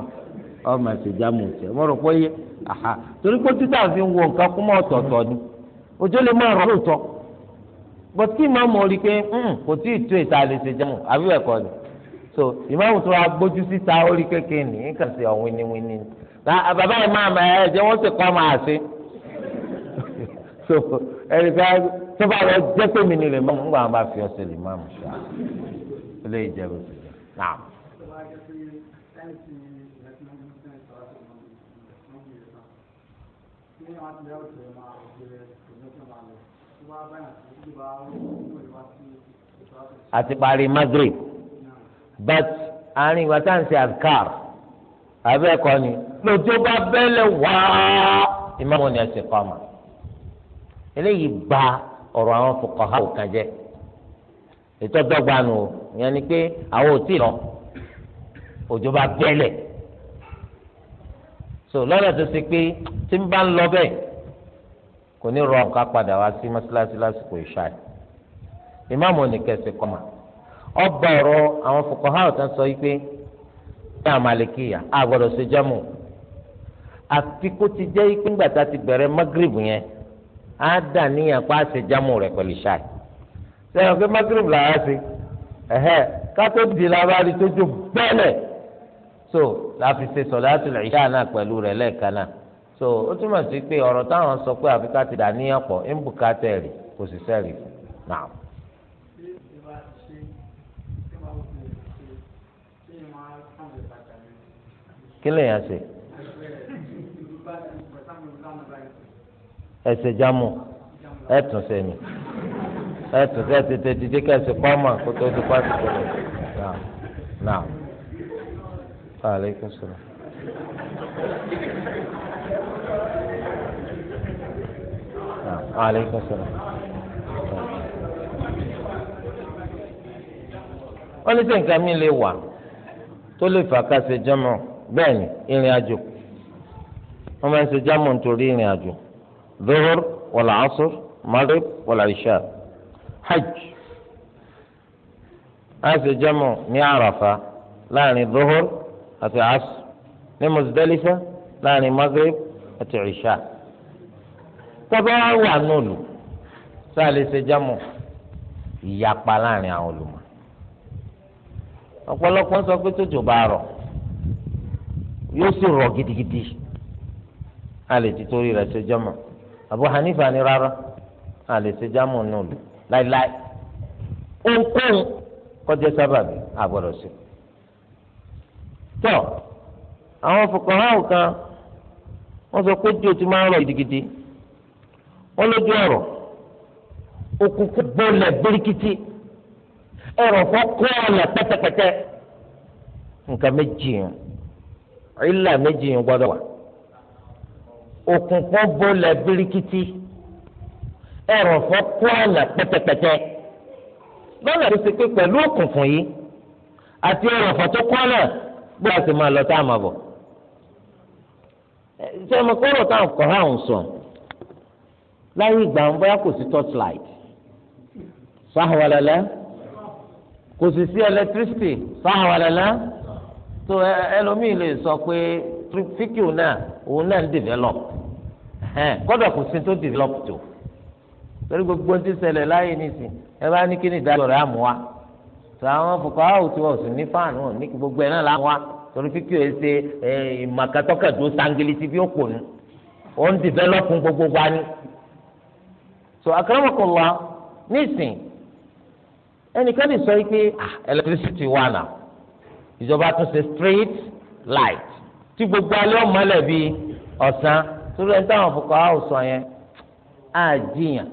ọmọ ṣe jáàmù ṣe mo rò pé yẹ. torí pé títà fi ń wo nǹkan kú mọ́ ọ̀tọ̀ọ̀tọ̀ ni ojú lè máa rọ̀ lóòótọ́ bó tí ìmáàmù rí i pé hmm, kò tí ì tó ìta lè ṣe jẹun àbí ẹ̀kọ́ ni so ìmáàmù tó wá gbójú síta ó rí kékeré nì í kàn sí ọ̀hún wíníwíní bàbá yìí máa máa wọ́n sì kọ́ máa ṣe so ẹ̀rí ká tó bá lọ jẹ́ pé mi ni lè máàmù ń gbà wọn bá fi ọ̀sẹ̀ lè máàmù ṣe náà. ní àwọn àti ìyá òṣèré máa jẹ ìmọ̀tò máa lọ tó bá báyà tó ti bá wọ́n ìwà sí ètò àti. àti parí maghrib but àárín ìgbà tá à ń ṣe àdkar àbẹ́ẹ̀kọ́ ni lójó bá bẹ́lẹ̀ ni ẹ̀sìn kọ́ ọ̀ma eléyìí ba ọ̀rọ̀ àwọn fuqaha kan jẹ́ ètò ọ̀dọ́gba nù yẹn ni pé àwọn ò tí ì lọ so lọ́nà tó ṣe pé tí ń bá ń lọ bẹ́ẹ̀ kò ní rọ nǹkan padà wá sí mọ́ṣáláṣí lásìkò ìṣáì ìmáàmù oníkẹsì kọ́mà ọba ọ̀rọ̀ àwọn fòkànhá ọ̀tán sọ yìí pé ní àmàlìkìyà a gbọ́dọ̀ ṣe jámù àfi kó ti jẹ́ pé ńgbà tá a ti bẹ̀rẹ̀ magrib yẹn á dà níyàn pa á ṣe jámù rẹ̀ pẹ̀lú ìṣáì sẹ́yìn pé magrib làá ṣe ẹ̀hẹ́ ká tó di so la fi ṣe sọ̀láàtùl ìṣá náà pẹ̀lú rẹ̀ lẹ́ẹ̀kan náà so ó túmọ̀ sí pé ọ̀rọ̀ táwọn sọ pé àfi ká ti dà níyàn pọ̀ ń bùkà tẹ̀rì kò sì sẹ́rì fún náà. kí lè yàn ṣe. ẹsẹ̀ jámù ẹ̀tún sẹ́ni ẹ̀tún sẹ́ni tètè dídí kẹ́sì pọ́nmà kó tó di náà náà aleykum salaam. aleykum salaam. wọ́n ní sí nǹkan mi lè wà tó lè fà ká ṣe jámọ̀ bẹ́ẹ̀ ni ìrìn àjò wọ́n máa ń ṣe jámọ̀ nítorí ìrìn àjò dhuhur wal asr maghrib wal isha hajj á ṣe jámọ̀ ní àràfà láàrin dhuhur. àti asr ní Muzdalifa láàrin Maghrib àti Isha tọ́ba wà nùlù sáà lè ìyapa láàrin àwọn olùmọ̀ ọ̀pọ̀lọpọ̀ sọ pé tójò bá rọ̀ yóò gidigidi a lè torí rẹ̀ Hanifa ni rárá a lè nùlù láíláí kọjá sábàbí àbọ̀rọ̀ sí tọ́ àwọn fòkànláwò kan wọ́n sọ pé díò ti máa ń rọ̀ gidigidi wọ́n lójú ọ̀rọ̀ òkùnkùn gbọ́lẹ̀ gbẹ́rìkìtì ẹ̀rọ̀ fọ́kọ́ ọ̀lẹ̀ pẹ́tẹ́pẹ́tẹ́ nǹkan méjì yẹn ìlà méjì yẹn gbọ́dọ̀ wà òkùnkùn gbọ́lẹ̀ gbẹ́rìkìtì ẹ̀rọ̀ fọ́kọ́ ọ̀lẹ̀ pẹ́tẹ́pẹ́tẹ́ lọ́nà tó ṣe pé pẹ̀lú òkùnkùn yìí àti ẹ̀rọ̀ fọ́tọ́kọ́ náà bí a sì máa lọ tá a máa bọ̀ ṣé mo kọ́ ọ̀rọ̀ táwọn kọ́ àwọn sọ láyé ìgbà wọn bóyá kò sí torchlight kò electricity tó ẹlòmíì lè sọ pé fíkìú náà òun náà ń develop kọ́dọ̀ kò sí tó develop tó torí gbogbo ohun tí ṣẹlẹ̀ láyé nìsín ẹ bá ní kí ni ìdájọ́ rẹ̀ àmúwá. tó àwọn fòkàn áwò tí wọn ò sì ní fáànù wọn ní gbogbo ẹ̀ náà là ń wá torí fíkì ẹ̀ ṣe ìmọ̀kàtọ́kàdó sangeliti bí ó pò ní ó ń dìvẹ́lọ́pù gbogbo wa ni. so akramakallah nísìn ẹnìkan lè sọ yìí pé ah, electricity wà náà ìjọba tún ṣe street light tí gbogbo alẹ́ ọmọ ẹlẹ́ bíi ọ̀sán torí ẹni táwọn fòkàn áwò sọ yẹn àjìyàn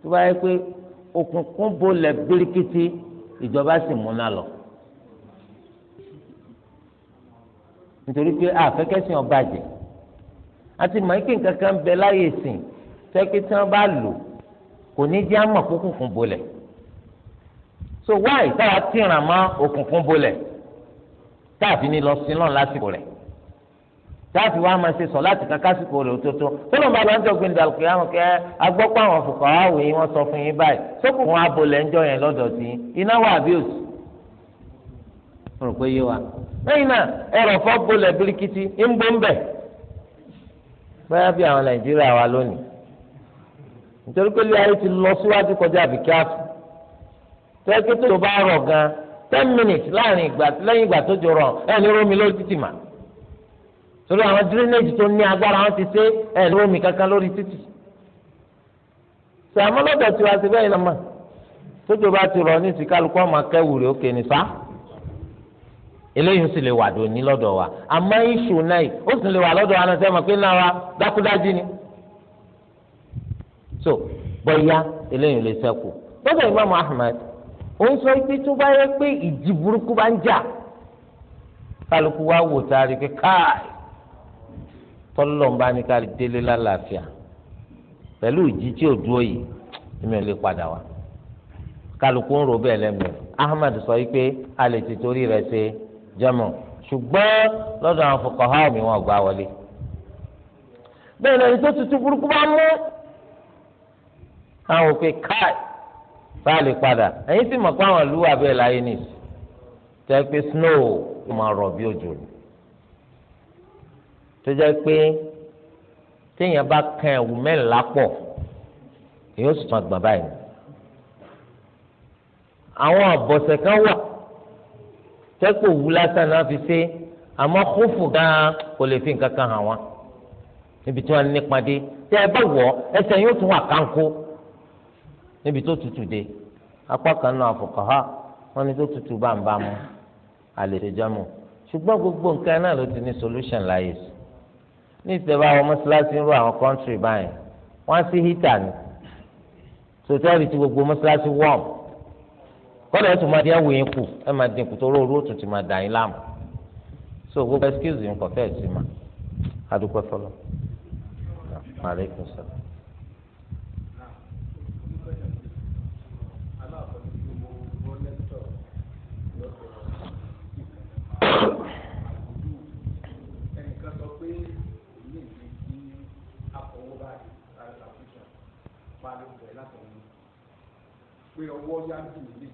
tó bá yẹ pé òkùnkùn bolẹ̀ birikiti ìjọba sì múná lọ nítorí pé àfẹ́kẹ́sìn ọba jẹ àti màáké nǹkan kan bẹ láyè sìn tẹ́kí tí wọ́n bá lò kò ní jẹ́ àmọ̀ kókùnkùn bolẹ̀ so wáyé táwa tìràn mọ́ òkùnkùn bolẹ̀ táàfin ni lọ sí náà lásìkò rẹ̀. láti wá máa ṣe sọ láti kàkà sípò rẹ̀ òtótó tó lọ́nà àwọn kẹ́ agbọ́pọ̀ àwọn fòkàn àwò yìí wọ́n sọ fún yín báyìí yẹn lọ́dọ̀ sí iná wà bí òsì. wa lẹ́yìn náà ẹ̀rọ̀ fọ́ bolẹ̀ birikiti ń bọ́ ń bẹ̀. báyà bí àwọn nàìjíríà wa lónìí nítorí pé ilé ayé ti lọ síwájú kọjá àbíkí àtù tẹ́kítò tó bá rọ̀ gan ten minutes láàrin ìgbà lẹ́yìn ìgbà tó jọ rọ̀ torí àwọn drainage tó ní agbára wọn ti ṣe ẹ ló mi kankan lórí títì sàmọ́ lọ́dọ̀ tiwa sí bẹ́ẹ̀ lọ́mọ tójú bá ti rọ̀ ní ìsìkálukú ọmọ akẹ́wùrẹ́ òkè nífà eléyìí sì lè wà dòní lọ́dọ̀ wa àmọ́ ìṣù náà yìí ó sì lè wà lọ́dọ̀ wa náà sẹ́wọ̀n pé náà wa dákúdájí ni so bọ́yá eléyìí lè sẹ́kù lọ́dọ̀ Imam Ahmad ó ń sọ pé tó bá yẹ pé ìjì burúkú bá ń jà kálukú wa wò tá a rí pé káàì tọ́lọ́ ń bá ní ká délé lálàáfíà pẹ̀lú ìjì tí ò dúró yìí èmi ò lè padà wá kálukú ń ro bẹ́ẹ̀ lẹ́mìí Ahmad sọ wípé a lè ti torí rẹ̀ ṣe jẹ́mọ̀ ṣùgbọ́n lọ́dọ̀ àwọn fuqaha mi wọn gbà wọlé bẹ́ẹ̀ lẹ́yìn tó tutù burúkú bá mú àwọn òpè káì bá lè padà ẹ̀yin sì mọ̀ pé àwọn ìlú wà bẹ́ẹ̀ láyé nìyí tẹ́ pé snow máa rọ̀ bí òjò ni tó jẹ́ pé téèyàn bá kan ẹ̀wù mẹ́rìnlá pọ̀ èyí ó sì tún àgbà báyìí àwọn àbọ̀sẹ̀ kan wà tẹ́kọ̀ wù lásán náà fi ṣe àmọ́ kófù gan-an kò lè fi nǹkan kan hàn wọ́n níbi tí wọ́n ní padé tẹ́ ẹ bá wọ̀ ẹsẹ̀ yóò tún wà kánkó níbi tó tutù dé apá kan náà àfọ̀kọ́há wọ́n ní tó tutù bá ń bá mu àlè tó mu ṣùgbọ́n gbogbo nǹkan náà ló ti ní solution láyé sí ní ìsèwà àwọn mọ́ṣáláṣí ń ro àwọn kọ́ńtírì báyìí wọ́n á sí hítà ni sòtẹ́ẹ̀lì tí gbogbo mọ́ṣáláṣí wọ́ọ̀m kọ́lẹ̀ ẹ̀ tó máa di ẹ̀wò yín kù ẹ̀ máa dín kù tó róró tó ti máa dà yín láàmú so gbogbo excuse yín kọ̀ fẹ́ẹ̀ sí ma adúpẹ́ fọlọ́ maaleykum salaam. pé ọwọ́ yá ju ilé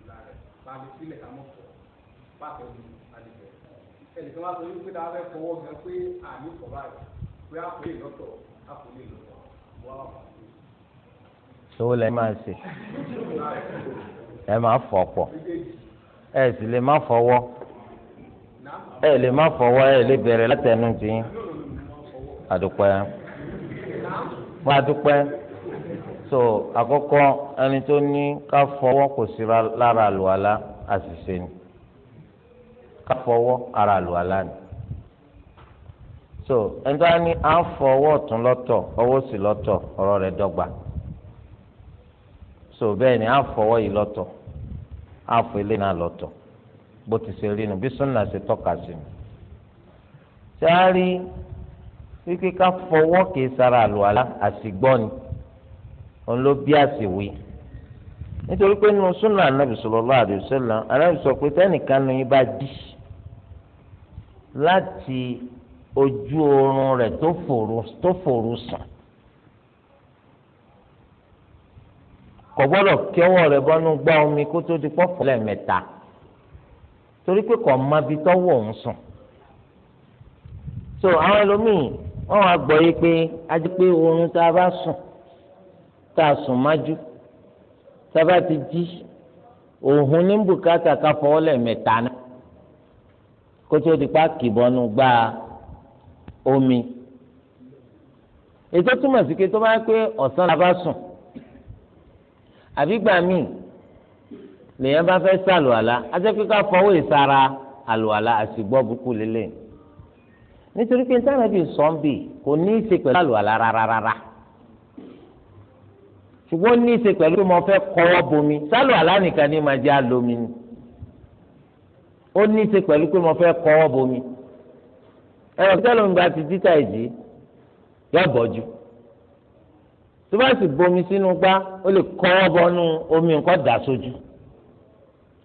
ìlà rẹ̀ bá lè sílẹ̀ ká mọ̀ fọ́ bá fẹ́ lu àlejò ẹnìkan wá sọ wípé tá a fẹ́ fọwọ́ gan pé àní kọ̀ báyìí pé a kò lè lọ́tọ̀ a kò lè lọ́tọ̀ wọ́n wà wọ́n sowó máa ṣe ẹ máa fọ pọ ẹ sì lè má fọwọ́ ẹ lè má fọwọ́ ẹ lè bẹ̀rẹ̀ látẹnu tì í àdùpẹ́ wọn àdùpẹ́. so àkọ́kọ́ ẹni tó ní ká fọwọ́ kò sí lára àlùwàlá àṣìṣe ni ká ara ala ni so ẹni tó à ń fọwọ́ ọ̀tún lọ́tọ̀ ọwọ́ sì lọ́tọ̀ so bẹ́ẹ̀ ni à ń fọwọ́ yìí lọ́tọ̀ à ń fọ ilé náà lọ́tọ̀ bó ti ṣe rí nu bí súnà ṣe tọ́ka sí mi ká kì sara òun ló bí àsìwí nítorí pé nínú súnà anábì sallallahu alaihi wasallam anábì sọ pé tẹ́nìkan nu yín bá dì láti ojú oorun rẹ̀ tó fòrò tó fòrò sàn kò gbọ́dọ̀ kí ọwọ́ rẹ̀ bọ́nú gbá omi kó tó di pọ́fọ́ lẹ́ẹ̀mẹ́ta torí pé kò má bi tọ́wọ́ òun sùn so àwọn ẹlòmíì wọ́n wá gbọ́ yí pé ajẹ́ pé oorun tá a bá sùn. So, tá a sùn májú sábà ti jí òhun ní bùkátà ká fọwọ́ lẹ́ẹ̀mẹ́ta náà kó tó di pa kìbọnú gba omi ètò túmọ̀ sí pé tó bá pé ọ̀sán la bá sùn àbí gbà míì lèèyàn bá fẹ́ sàlùwàlá ajẹ́ pé ká fọwọ́ ìsara àlùwàlá àsìgbọ́ burúkú lélẹ̀ nítorí pé ntànàbí sọ́ńbì kò ní í ṣe pẹ̀lú àlùwàlá rárára. Rárá ṣùgbọ́n ó ní í ṣe pẹ̀lú pé mo fẹ́ kọ́wọ́ bomi sálò alánìkan ní ma jẹ́ àlómi ni ó ní í ṣe pẹ̀lú pé mo fẹ́ kọ́wọ́ bomi ẹ̀rọ sẹ́lẹ̀ ń gba ti títà ìjì yọ bọ́jú tó bá sì bomi sínú gbá ó lè kọ́wọ́ bọnú omi nǹkan dà sójú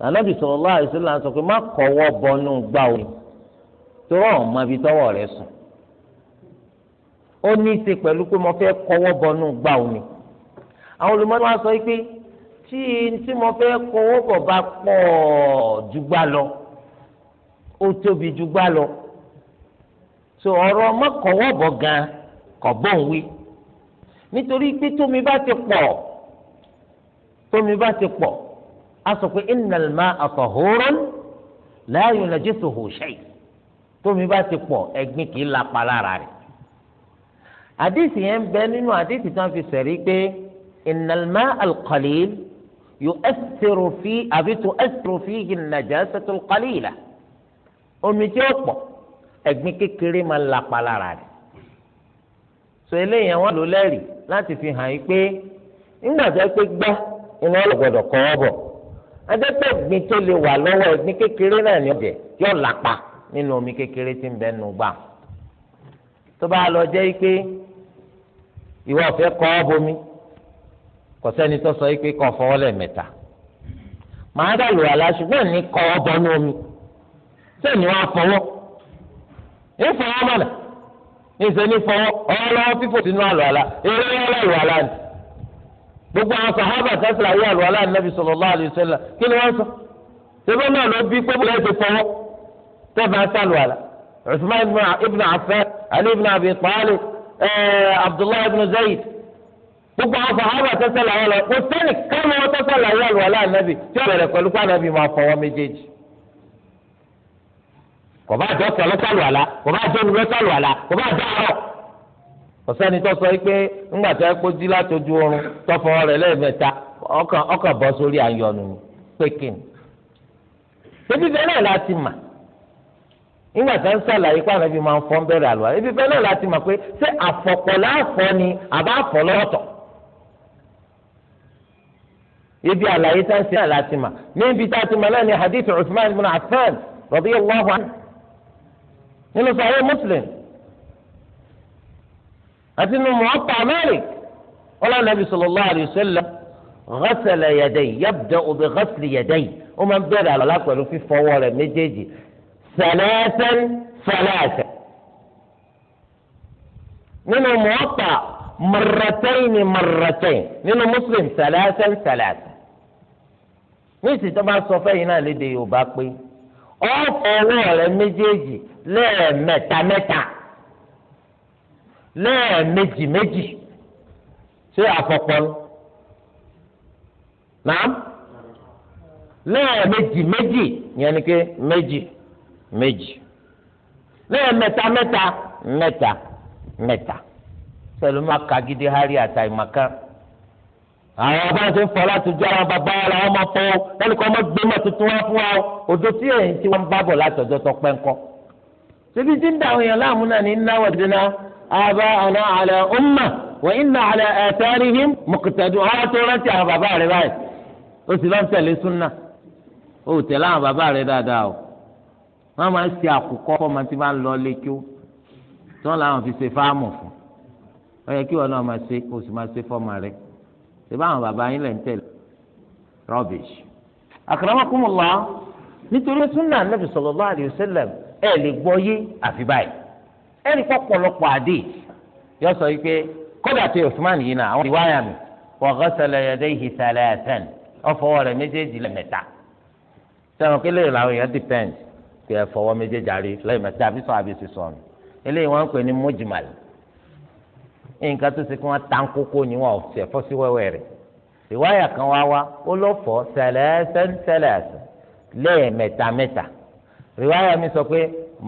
ànábì sallallahu alaihi wasallam sọ pé má kọ́wọ́ bọnú gbá omi tó rọ̀ ọ́n mọ ibi tọ́wọ́ rẹ̀ sùn ó ní í ṣe pẹ̀lú pé mo fẹ́ kọ́wọ́ bọnú gbá omi àwọn olùmọ́ni wa sọ pé tí tí mo fẹ́ kówó pọ̀ bá pọ̀ jùgbà lọ ó tóbi jùgbà lọ so ọ̀rọ̀ mọ́kànwọ́bọ̀ gan kọ̀ bọ́n wí nítorí pé tómi bá ti pọ̀ tómi bá ti pọ̀ a sọ pé innal ma'a tahurun la yunajjisuhu shay tómi bá ti pọ̀ ẹ̀gbin kì í lapa lára rẹ̀ àdìsí yẹn ń bẹ nínú àdìsí tí wọ́n fi sẹ̀rí pé. إن الماء القليل يؤثر في أبي تؤثر فيه النجاسة القليلة omi tí ó pọ̀ ẹ̀gbin kékeré máa ń lapa lára rẹ̀ so eléyìí àwọn ló lẹ́rìí láti fi hàn yín pé nígbà tó pé gbá iná ọlọ́gbọ̀dọ̀ kọ́ ọ bọ̀ adẹ́pẹ́ ẹ̀gbin tó lè wà lọ́wọ́ ẹ̀gbin kékeré náà ní ọ̀jẹ̀ yóò lapa nínú omi kékeré tí ń bẹ nù gbà tó bá lọ jẹ́ pé ìwọ ọ̀fẹ́ kọ́ ọ bomi kọ̀sẹ́ni tó sọ yìí pé kàn fọwọ́ lẹ́ẹ̀mẹ́ta màá dàlù àlá ṣùgbọ́n ní kọ́ ọ bọnú omi sẹ́ni wàá fọwọ́ ń fọwọ́ mọ̀nà níṣẹ́ ní fọwọ́ ọwọ́ lọ́wọ́ fífò sínú àlọ́ àlá eré ọlọ́ọ̀lọ́ àlá ni gbogbo àwọn sàhábà tẹ́sílà yé àlọ́ àlá nàbì sallallahu alaihi wasallam kí ni wọ́n sọ ṣẹ́gbẹ́ náà ló bí pẹ́bù lẹ́sẹ̀ fọwọ́ tẹ́bà sálù àlá Uthman ibn Affan Ali ibn Abi Talib eh, Abdullah ibn Zayd gbogbo àwọn sàhábà tẹsẹ làwọn lọ kò sẹ́ni kánú wọn tẹsẹ làwọn àlùwàlá tí ó bẹ̀rẹ̀ pẹ̀lú pé ànábì máa méjèèjì kò bá jọ sọ kò bá jọ kò bá jọ sọ pé ńgbà tó ẹ oorun tọfọ ọkàn bọ́ sórí ebi náà láti mà nígbà sàlàyé ebi náà láti mà pé ṣé àfọ̀pọ̀ ni ibi àlàyé tá à ń ṣe náà láti mà níbi tá a ti mà náà ni hadith Uthman ibn Affan radiyallahu anhu nínú sahih Muslim àti nínú Muwatta Malik ọlọ́run nàbì sallallahu alayhi wa sallam ghasala yadayhi yabda'u bi ghasli yadayhi ó máa ń bẹ̀rẹ̀ àlọ́lá pẹ̀lú fífọwọ́ rẹ̀ méjèèjì salasan salasan nínú Muwatta marratayn marratayn nínú Muslim salasan salasan. níìsì tó bá sọ fẹ́yìn náà léde Yorùbá pé ọ̀fọ̀ ọwọ́ rẹ méjèèjì lẹ́ẹ̀mẹ́ta mẹ́ta lẹ́ẹ̀mejì méjì ṣé àfọ̀pọ̀ ni naam lẹ́ẹ̀mejì méjì yẹn ni pé méjì méjì lẹ́ẹ̀mẹ́ta mẹ́ta mẹ́ta mẹ́ta sẹ́lẹ̀ máa ka gidi hari àtàìmọ̀kan. àwọn ọba ṣe ń fọ láti jọ àwọn bàbá wa làwọn máa fọ wọn kọ́ ọmọ gbé mọ̀ tuntun wá fún wa òdo tí èyí tí wọ́n ń bá bọ̀ láti ọjọ́ tó pẹ́ ńkọ́. ṣébi tí ń da àwọn èèyàn láàmú náà ní náwó dínà àbá àná àlẹ ọmọ wọn iná àlẹ ẹ̀ẹ́tẹ́rì him mọ̀kìtẹ́dù àwọn tó rántí àwọn bàbá rẹ báyìí ó sì lọ́n tẹ̀lé súnà ó tẹ̀lé àwọn bàbá rẹ dáadáa o wọ́n máa ń ṣe àkùkọ fọ́mọ tí wọn ṣé báwọn bàbá yín lè ń tẹ̀lé rubbish. akramakumullah nítorí súnà nàbì sallallahu alayhi wa sallam ẹ lè gbọ́ yé àfi báyìí ẹ lè kọ́ pọ̀lọpọ̀ àdé yọ sọ yìí pé kódà tí Usman yìí náà àwọn ìwáyà mi wa ghasala yadayhi thalathan ó fọwọ́ rẹ̀ méjèèjì lẹ́ẹ̀mẹ́ta sẹ́wọ̀n kí lèèrè làwọn èèyàn depend kí ẹ fọwọ́ méjèèjì àrí lẹ́ẹ̀mẹ́ta àbí sọ àbí sísọ eléyìí wọ́n ń pè ní mujmal nǹkan tó ṣe kí wọ́n ta kókó ni wọ́n ṣe fọ́ sí wẹ́wẹ́ rẹ̀ ìwáyà kan wá wá ó lọ fọ sẹlẹsẹn sẹlẹsẹn lẹ́ẹ̀mẹ́ta mẹ́ta ìwáyà mi sọ pé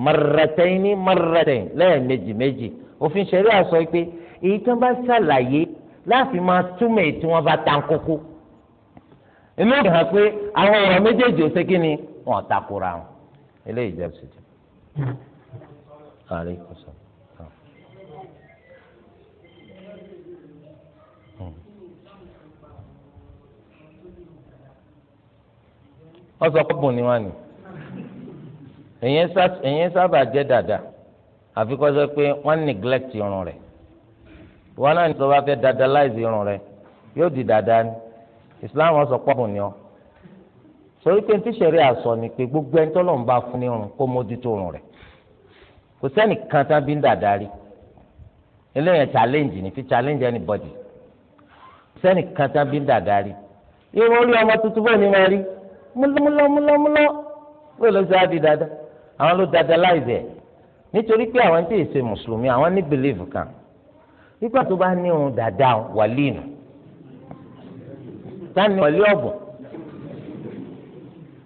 mọ̀rẹ̀tẹ́yìn ní mọ̀rẹ̀tẹ́yìn lẹ́ẹ̀mejì méjì òfin ṣẹlẹ̀ àṣọ pé èyí tó bá ṣàlàyé láàfin máa túmọ̀ èyí tí wọ́n bá ta kókó inú ìgbà hàn pé àwọn ọ̀rọ̀ méjèèjì ò ṣe kí ni wọ́n takora wọn eléyìí jẹ́ ṣèjì. wọ́n sọ pọ́pọ̀ ni wọ́n ní èyí sábà jẹ́ dàda àfi pé wọ́n neglect irun rẹ̀ wọn náà ní sọ wá fẹ́ dada láìsí irun rẹ̀ yóò di dada ni Islam wọ́n sọ pọ́pọ̀ ni ọ́ sori pé tí sẹ́rí àsọ ni pé gbogbo ẹni tọ́lọ̀ ń bá fún ní irun kó mójútó irun rẹ̀ kò sẹ́ni kan bí ń dàda rí eléyàn challenge ni fi challenge anybody sẹ́ni kan tán bí ń dàda rí irun orí ọmọ tuntun bẹ́ẹ̀ ni wọ́n rí múlọmúlọmúlọ bóyá ló ṣe á di dada àwọn ló dada láì bẹ nítorí pé àwọn tí èsè mùsùlùmí àwọn ní bìlíìfù kan nígbà tó bá ní òun dada wàlíì nù tani wàlíì ọ̀bùn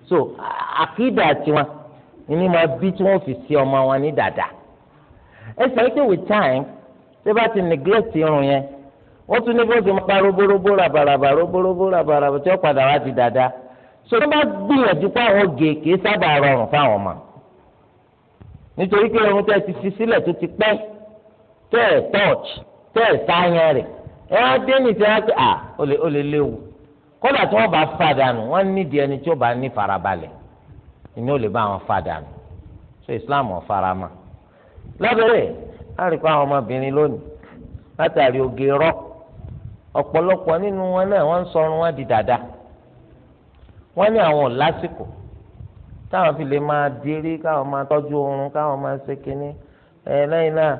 so àkídà tiwọn ní ma bí tí wọn fi sí ọmọ wọn ní dada ẹ sọ with time tí bá ti neglect irun yẹn wọ́n tún ní bó ṣe máa pa roborobo rabaraba roborobo rabaraba tí wọ́n padà wá dada so tó bá gbìyànjú fáwọn gèèké sábà rọrùn fáwọn ọmọ nítorí pé ohun tẹ́ ti fi sílẹ̀ tó ti pẹ́ tẹ́ ẹ̀ tọ́ọ̀ch tẹ́ ẹ̀ sáyẹn rẹ̀ ẹ wá dé ní ìṣẹ́ wáṣẹ́ à ó lè ó lè léwu kódà tí wọ́n bá fàdánù wọ́n nídìí ẹni tí ó bá ní farabalẹ̀ ni ó lè bá wọn fàdánù so Islam ọ̀ farama lábẹ́rẹ́ àríkọ́ àwọn ọmọbìnrin lónìí látàrí oge rọ́ ọ̀pọ̀lọpọ̀ nínú wọn náà wọ́n ń sọrun wọn di dáadáa wọ́n ní àwọn lásìkò táwọn fi lè máa dirí káwọn máa tọ́jú oorun káwọn máa ṣe kínní ẹ lẹ́yìn náà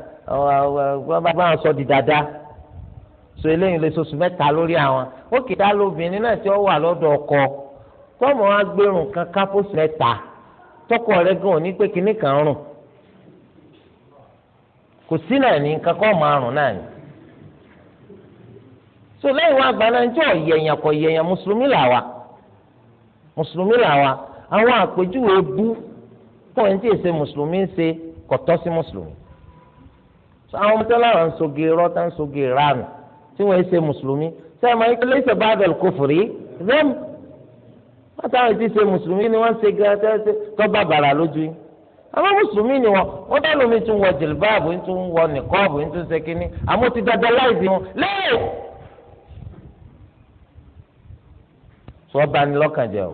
wọ́n bá wọn sọ di dáadáa so eléyìí lè soṣù mẹ́ta lórí àwọn ó kì í dá lóbìnrin náà tí ó wà lọ́dọ̀ ọkọ tọmọ wa gbẹ̀rùn kan kápósì mẹ́ta tọkọ rẹ gan ní pé kínní kan rùn kò sí náà ní kankan márùn náà ní so lẹ́yìn wọn àgbà náà ń jọ yẹ̀yàn kọ̀ yẹ̀yàn mùsùlùmí làwà. mùsùlùmí làwa àwọn àpèjúwe bú fún ẹni tí èsè mùsùlùmí ń ṣe kọ̀tọ́ sí mùsùlùmí àwọn ọmọ tó láwọn ń soge rọ́tà ń soge ránù tí wọ́n ṣe mùsùlùmí sẹ́yìn máa ń kí lẹ́sẹ̀ bá bẹ̀rẹ̀ fòrí rẹ́m látàwọn ti ṣe mùsùlùmí ni wọ́n ṣe gan tó bá bàrà lójú yín àwọn mùsùlùmí ni wọn wọn bá lómi tún wọ jìlbáàbù tún wọ nìkọ́ọ̀bù tún ṣe kínní àmọ́ ti dada láìsí wọn lẹ́yìn. sọ bá ní lọ́kàn jẹ́ o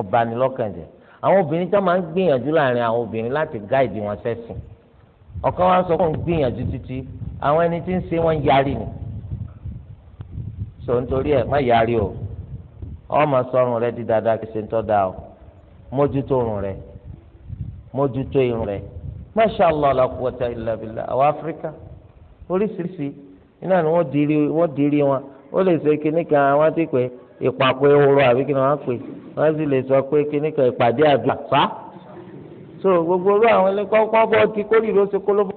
ọba ni lọ́kàn jẹ́ àwọn obìnrin tó máa ń gbìyànjú láàrin àwọn obìnrin láti gáìdì wọn sẹ́sìn ọ̀kan wá sọ fún gbìyànjú títí àwọn ẹni tí ń ṣe wọ́n yarí ni sọ nítorí ẹ̀ má yarí o ọmọ sọrùn rẹ di dáadáa kí ṣe ń tọ́ da o mójútó irun rẹ mójútó irun rẹ masha allah la quwata illa billah àwọn áfíríkà oríṣiríṣi iná ni wọ́n dirí wọn ó lè ṣe kíní kan àwọn ti pè é ìpàpọ̀ ehoro àbí kí ni wọ́n á pè wọ́n sì lè sọ pé kí ni kan ìpàdé àdúrà fa. so gbogbo orú àwọn ilé kọ́kọ́ bọ́ ti kórì ló ṣe kólóbó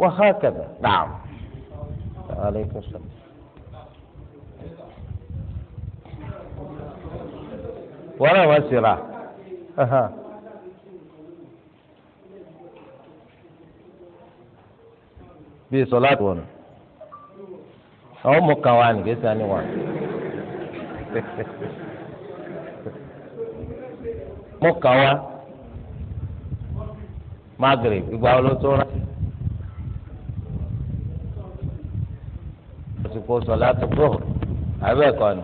wọ́n hàn kẹ̀dẹ̀ dáàmú. wọ́n náà wọ́n sì rà. sọlá tó wọn àwọn ọmọ kan wà nìgbésí àníwọ̀n. mo kà wá Maghrib ìgbà wo ló tó rà àsìkò sọlá tó tó abẹ́ẹ̀kọ́ ni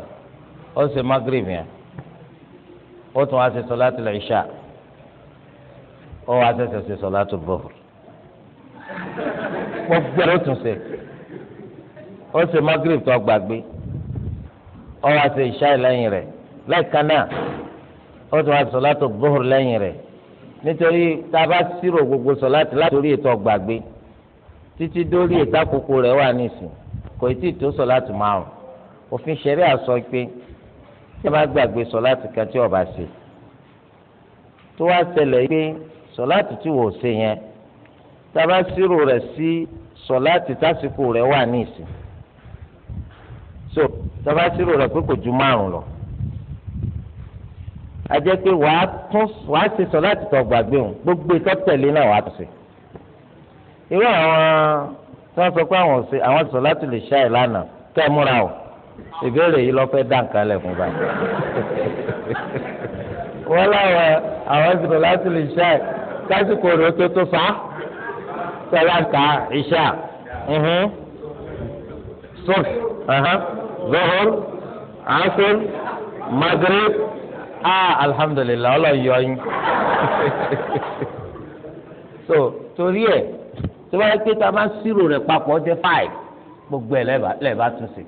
ó ṣe Maghrib yẹn ó tún wá ṣe sọlá tó lè ṣá ó wá ṣẹ̀ṣẹ̀ ṣe sọlá tó bọ̀ gbogbo ẹ̀ ló tún ṣe ó ṣe Maghrib tó gbàgbé ọ̀rọ̀ àti ìṣáì lẹ́yìn rẹ̀ lẹ́ẹ̀kan náà ó tún àti sọ̀látò gbóhùr lẹ́yìn rẹ̀ nítorí tá a bá sírò gbogbo sọ̀látì látòrí ètò ọ̀gbàgbé títí dórí ètò àkókò rẹ̀ wà nísìn kò tí ì tó sọ̀látì márùn òfin ṣẹ̀rí àsọ pé tí a bá gbàgbé sọ̀látì kan tí ọba ṣe tó wá ṣẹlẹ̀ pé sọ̀látì tí wò ṣe yẹn tá a bá sírò rẹ̀ sí sọ̀látì tásìkò rẹ̀ wà nísìn so tọ́ba sírò rẹ̀ pé kò ju márùn lọ a jẹ́ pé wàá tún wàá ṣe sọ láti tọ́ gbàgbé òun gbogbo ìtọ́ tẹ̀lé náà wàá tún ṣe irú àwọn tí wọ́n sọ pé àwọn ṣe àwọn sọ láti lè ṣá ẹ̀ lánàá kẹ́ ẹ múra o ìbéèrè yìí lọ́ọ́ fẹ́ dá fún báyìí wọ́n láwọn àwọn sọ láti lè ṣá ẹ̀ kásìkò rẹ̀ tó tó fa sọ láǹkà ìṣá sọ́ọ̀sì zohor asr magrib ah alhamdulillah ọlọ́run yọ yín so torí ẹ̀ tí wọ́n yẹ pé tá a máa ṣírò rẹ̀ papọ̀ jẹ́ five gbogbo ẹ̀ lẹ́ẹ̀bá tún sí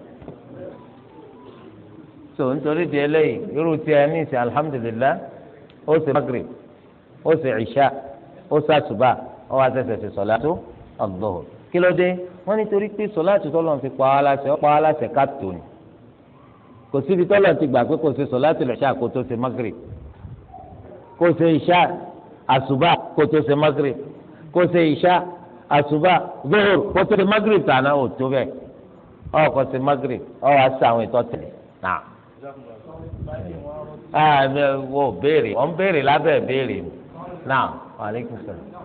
so nítorí di eléyìí irú tí ẹ ní ìsìn alhamdulillah ó sì magrib ó sì ìṣá ó sàtúbà ó wá sẹsẹ fi sọlá tó ọgbọhùn kí ló dé wọ́n nítorí pé sọláàtì tọ́lọ̀ fi pa á láṣẹ ọ́ pa á láṣẹ ká tó ni kò síbi tọ́lọ̀ ti gbà pé kò ṣe sọláàtì lọ́ṣà kó tó ṣe magre kó ṣe ìṣá àṣùbà kó tó ṣe magre kó ṣe ìṣá àṣùbà zuhur kó tó ṣe magre tàná ò tó bẹ́ẹ̀ ọ̀ kó ṣe magre ọ̀ wá sí àwọn ìtọ́ tẹ̀lé náà. Ah, ẹ ẹ wo béèrè wọ́n béèrè lábẹ́ béèrè náà wàlẹ́kùn sọ̀rọ̀.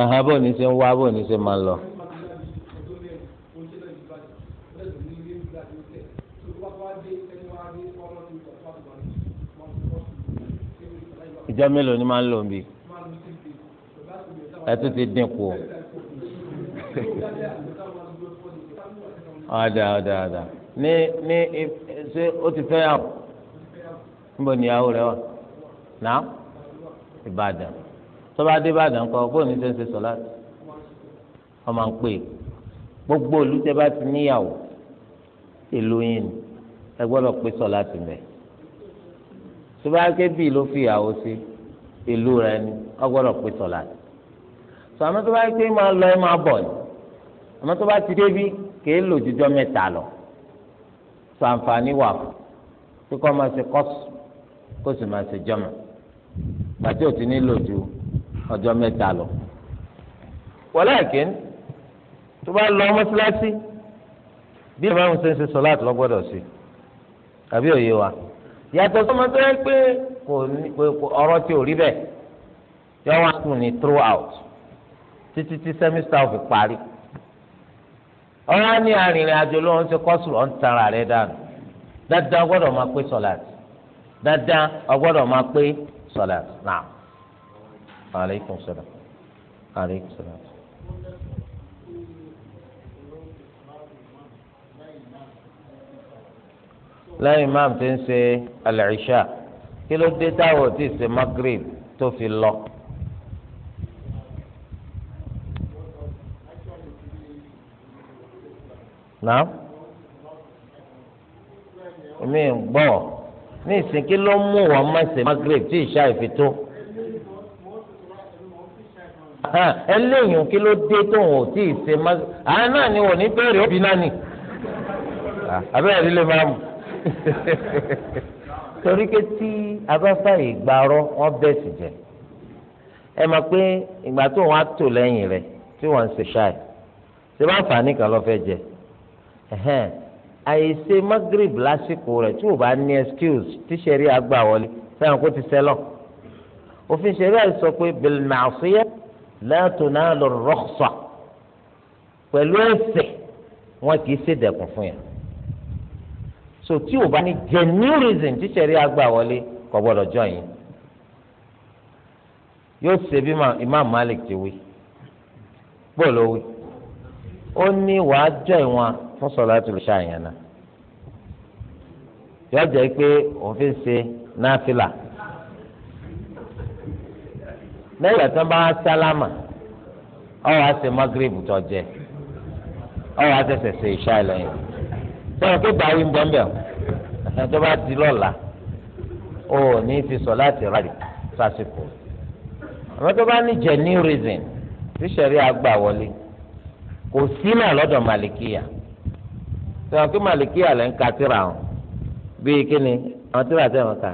àhán bò ní ṣe ń wá bò ní ṣe máa lọ. ìjọ mélòó ni máa ń lò ń bi ẹ tún ti dín kù ọ̀dà ọ̀dà ọ̀dà ní ní ṣé ó ti fẹ́ yàwó níbo ni ìyàwó rẹ wà náà Ìbàdàn tọ́ba adébàdàn kọ bóun ní sẹ́sẹ̀ sọ̀lá ọmọ ń pè gbogbo olùtẹ́ bá ti níyàwó èlò yín ni ẹ gbọ́dọ̀ pé sọ̀lá ti mẹ́ tọ́ba akébì ló fi ìyàwó sí èlò rẹ ni ọ gbọ́dọ̀ pé sọ̀lá ti sọ àmọ́ tọ́ba akébì máa lọ ẹ máa bọ̀ ni àmọ́ tọ́ba ti débí kèé lò jíjọ́ mẹ́ta lọ sọ àǹfààní wà fún kíkọ́ máa ṣe kọ́sù kó sì máa ṣe jọ́mọ̀ gbàtí ò ti ní lò ju ọjọ́ mẹ́ta lọ walakin tó bá lọ mọ́sálásí bí ìmọ̀ àwọn sẹ́ńsẹ́ sọ láti lọ gbọ́dọ̀ sí àbí òye wa yàtọ̀ sọmọ tó yẹ pé kò ọ̀rọ̀ tí ò rí bẹ́ẹ̀ yọ wọn kù ní throughout títí tí sẹ́mísítà ò fi parí ọ̀rọ̀ á ní arìnrìn àjò ló ń ṣe kọ́sùrù ọ̀ ń tara rẹ̀ dànù dáadáa ọgbọ́dọ̀ máa pé sọ̀làtì dáadáa ọgbọ́dọ̀ máa pé sọ̀làtì náà aleykum salaam aleykum salaam. lẹ́yìn imam ti ń ṣe al-Isha kí ló dé táwọn ti ṣe Maghrib tó fi lọ. naam omi ń gbọ́ ní ìsìn kí ló mú wọn má ṣe Maghrib tí ìṣá ìfi tó ẹlẹ́yìn kí ló dé tóun ò tí ì ṣe má àá náà ni wọ́n ní bẹ́ẹ̀rẹ̀ òbí náà nì abẹ́rẹ́ líle máa mú torí pé tí abáfáyé gbarọ́ wọ́n bẹ́ẹ̀ sì jẹ́ ẹ máa pé ìgbà tó wọn á tò lẹ́yìn rẹ̀ tí wọ́n ń ṣe ṣáì ṣe bá fà kan lọ́ fẹ́ jẹ àìṣe magrib lásìkò rẹ̀ tí ò bá ní excuse tí sẹ́rí àgbà wọlé sẹ́yìn kó ti sẹ́lọ̀ òfin ṣẹ̀ríà sọ pé bilmaṣíyà la tunalu rukhsa pẹ̀lú ẹ̀ṣẹ̀ wọn kì í ṣe dẹ̀kun fún yẹn so tí o bá ní genuine reason tí sẹ̀rí wọlé kò gbọ́dọ̀ jọ yín yóò ṣe bí Imam Malik ti wí bóòlù wí ó ní wàá jọ ìwọn fún salatul isha yẹn náà yọjọ pé òun fi ń ṣe náfìlà lẹ́yìn ìgbà tí wọ́n bá sálámà ọwọ́ àṣẹ magreb tó jẹ ọwọ́ àṣẹṣẹ̀ ṣe ìṣá ìlọyìn sọ̀rọ̀ pé báyìí ń bọ́ mbẹ́ ẹ̀ tó bá di lọ́la ó ní fi sọ láti rárí sásìkò àwọn tó bá ní genuine reason tí sẹ̀rí àgbà wọlé kò sí náà lọ́dọ̀ màlìkíyà sọ̀rọ̀ pé màlìkíyà lẹ́ ń ka tíra wọn bíi kíni àwọn tíra tẹ̀ wọ́n kà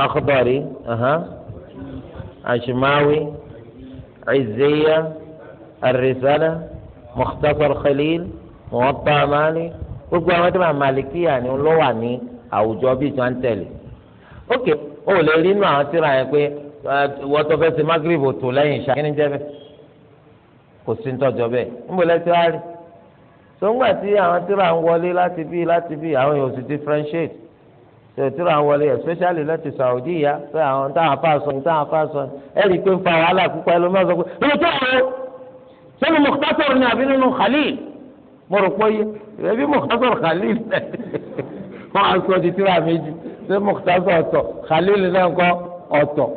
á akhdari. عشماوي عزية الرسالة مختصر خليل موطأ مالي gbogbo àwọn tó máa malikiya ni ló wà ní àwùjọ bíi tí wọn ń tẹ̀lé ok o lè rí inú àwọn tíra yẹn pé wọ́n tó fẹ́ ṣe magreth tó lẹ́yìn ìṣá kíni jẹ́ bẹ́ẹ̀ kò sí ń tọ́jọ́ bẹ́ẹ̀ níbo lẹ́tí wá rí sọ́ngbà tí àwọn tíra ń wọlé láti bí láti bí àwọn yòó sì differentiate tòtúrò àwọn wọlé especially láti Saudi ya pé àwọn táwọn afa sọ táwọn afa sọ ẹ rí i pé ń fa wàhálà púpọ̀ ẹ ló máa sọ pé ìlú tó àwọn sẹ́nu Mukhtasar ni àbí nínú Khalil mo rò pé ẹbí Mukhtasar Khalil wọn á sọ títí ra méjì ṣé Mukhtasar ọ̀tọ̀ Khalil náà kọ́ ọ̀tọ̀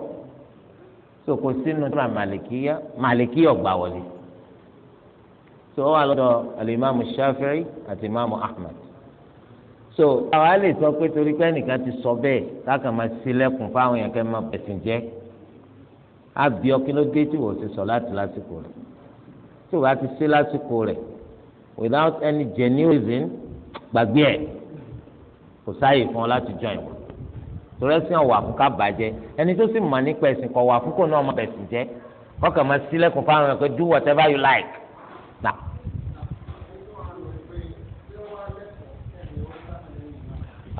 so kò sínú tíra màlìkíyà màlìkíyà ọ̀gbà wọlé so ó wà lọ́dọ̀ alimami Shafi'i àti imaamu Ahmad so àwa lè sọ pé torí pé ẹnìkan ti sọ bẹ́ẹ̀ káàkiri máa ṣílẹ̀kùn fáwọn yẹn kẹ́ máa bẹ̀sìn jẹ́ àbí ọkí ló dé tí wò ó ti sọ láti lásìkò rẹ̀ tí wò ti sí lásìkò rẹ̀ without any genuine reason gbàgbé ẹ̀ kò sáàyè fún ọ láti join wọn torí ẹ̀sìn ọ̀wà fún ká bàjẹ́ ẹni tó sì mọ̀ nípa ẹ̀sìn kọ̀ wà fún kò náà máa bẹ̀sìn jẹ́ kọ́kàn máa ṣílẹ̀kùn fáwọn yẹn pé do whatever you like. Now,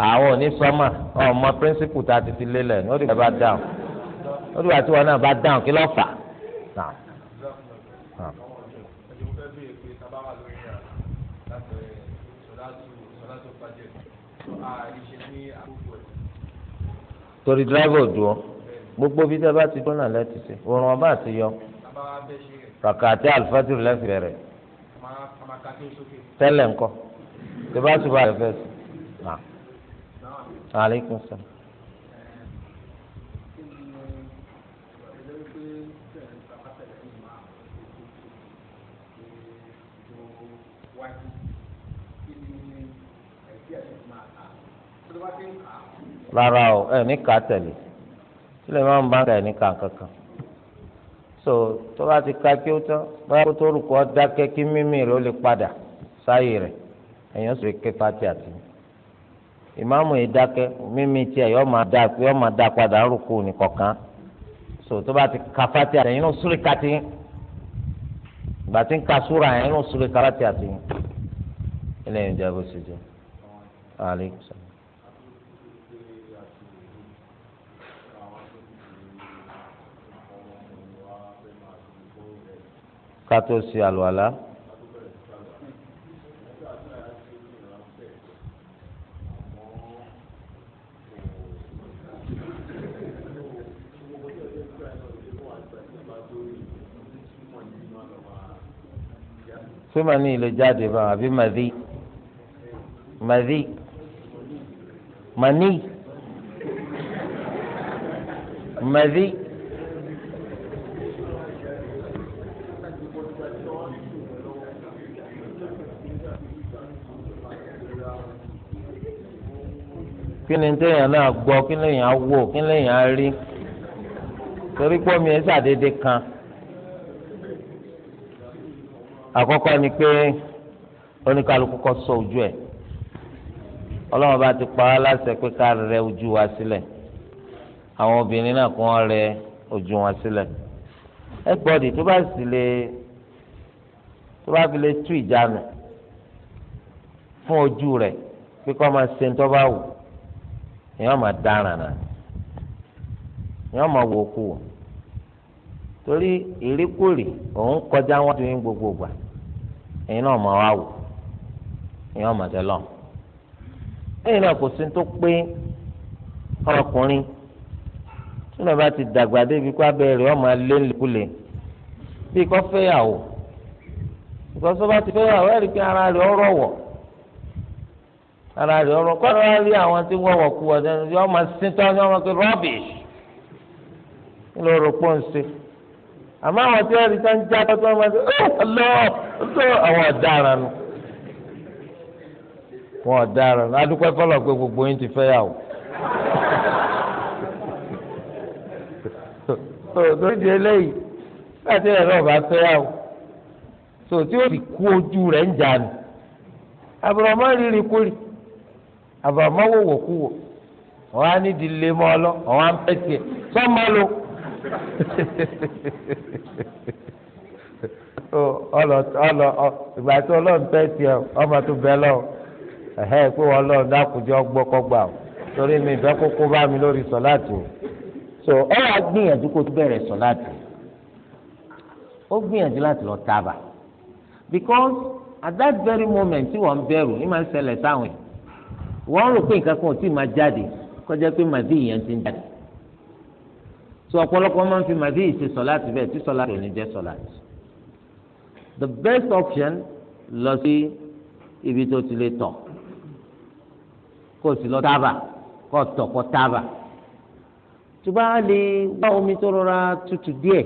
àwọn onísọmọ ọmọ píríncípù tá a ti fi lélẹ̀ ní ọdún bá dáhùn ọdún bá tí wọn náà bá dáhùn kí ló fà á. torí dírábò dùn gbogbo bí tẹ bá ti dúnà lẹ́tì sí òrùn ọba àti yọ kàkàtí alifátìrì lẹ́fẹ̀ẹ́ rẹ̀ tẹ́lẹ̀ ńkọ́ tẹ bá ti bá rẹ̀ fẹ́ sí. aleykum salaam. rárá o ẹ ní ká tẹ̀lé sílẹ̀ máa ń bá ní ká kankan so tó bá ti ka kí ó tán báyà kó tó rúkọ dákẹ́ kí mímì rẹ̀ lè padà sáyè rẹ̀ ẹ̀yàn sì ké pátí ìmáàmù yìí dákẹ́ mímí tiẹ̀ yọ máa dá yọ máa padà rúkú nìkọ̀kan so tó bá ti ka fati àtẹ̀yìn náà súrì kàtí ìgbà tí ń ka súrà yẹn náà súrì àtẹ̀yìn pé màní ìlò jáde bá àbí màdí màdí màní màdí. kí ni téèyàn náà gbọ́ kí lèèyàn wò kí lèèyàn rí torí pé omi ẹ̀ ṣàdédé kan àkọ́kọ́ ni pé oníkàlùkù kọ́ sọ ojú ẹ̀ ọlọ́run bá ti pa á láṣẹ pé ká rẹ ojú wa sílẹ̀ àwọn obìnrin náà kò wọ́n rẹ ojú wọn sílẹ̀ ẹgbọ́dì tó bá sì lè tó bá fi lè tú ìjánu fún ojú rẹ̀ pé kó máa ṣe tó bá wù èèyàn máa dáràn náà èèyàn máa wò ó kú torí ìríkùrì òun kọjá wọn tó yín gbogbo gbà. ẹ̀yin náà máa wá wò ọmọ tẹ lọ ẹ̀yin náà kò sí tó pé ọkùnrin tí wọn bá ti dàgbà débi kó abẹ́rẹ́ ọmọ alẹ́ ńlẹ̀kulẹ̀ bí kò fẹ́yàwó bá ti pé ara rẹ̀ ọrọ wọ̀ ara rẹ̀ ọrọ kọ́ ló rí àwọn tí kú ọmọ ọmọ pé àmọ́ àwọn tí wọ́n rí sáà ń já tọ́tọ́ wọn ṣe ọlọ́ ọlọ́ àwọn ọ̀daràn nù wọn ọ̀daràn nù adúpẹ́ kọ́lọ̀ pé gbogbo yín ti fẹ́ yà wò. tó tó di eléyìí láti ẹ̀rọ ọba fẹ́ yà wò tó tí ó sì kú ojú rẹ̀ ń jà nù àbùrọ̀mọ́ rírì kúrì àbùrọ̀mọ́ wò wò kú wò wọ́n mọ́ ọ lọ wọ́n pẹ́ tiẹ̀ sọ́mọ́ lo. ọlọ ọlọ ìgbà tí ọlọ́run fẹ́ ọ ọmọ tó bẹ lọ ẹ̀hẹ́ pé wọ́n lọ dákùjọ gbọ́kọ́gbà o torí mi ìfẹ́ kókó bá mi lórí o so ọ gbìyànjú kó tó bẹ̀rẹ̀ sọ̀láàtì ó gbìyànjú láti lọ tábà because at that very moment tí wọ́n ń ní máa ń ṣẹlẹ̀ sáwọn wọ́n rò pé nǹkan kan ò tí ì máa jáde kọjá pé màdí ìyẹn ti so ọ̀pọ̀lọpọ̀ máa ń fi màdí ìṣe sọ̀láàtì bẹ́ẹ̀ tí sọ̀láàtì ò ní jẹ́ sọ̀láàtì. the best option lọ sí ibi tó ti lè tọ̀ kó o sì lọ tábà kó o tọ̀ kó tábà. tó bá lè wá omi tó rọra tutù díẹ̀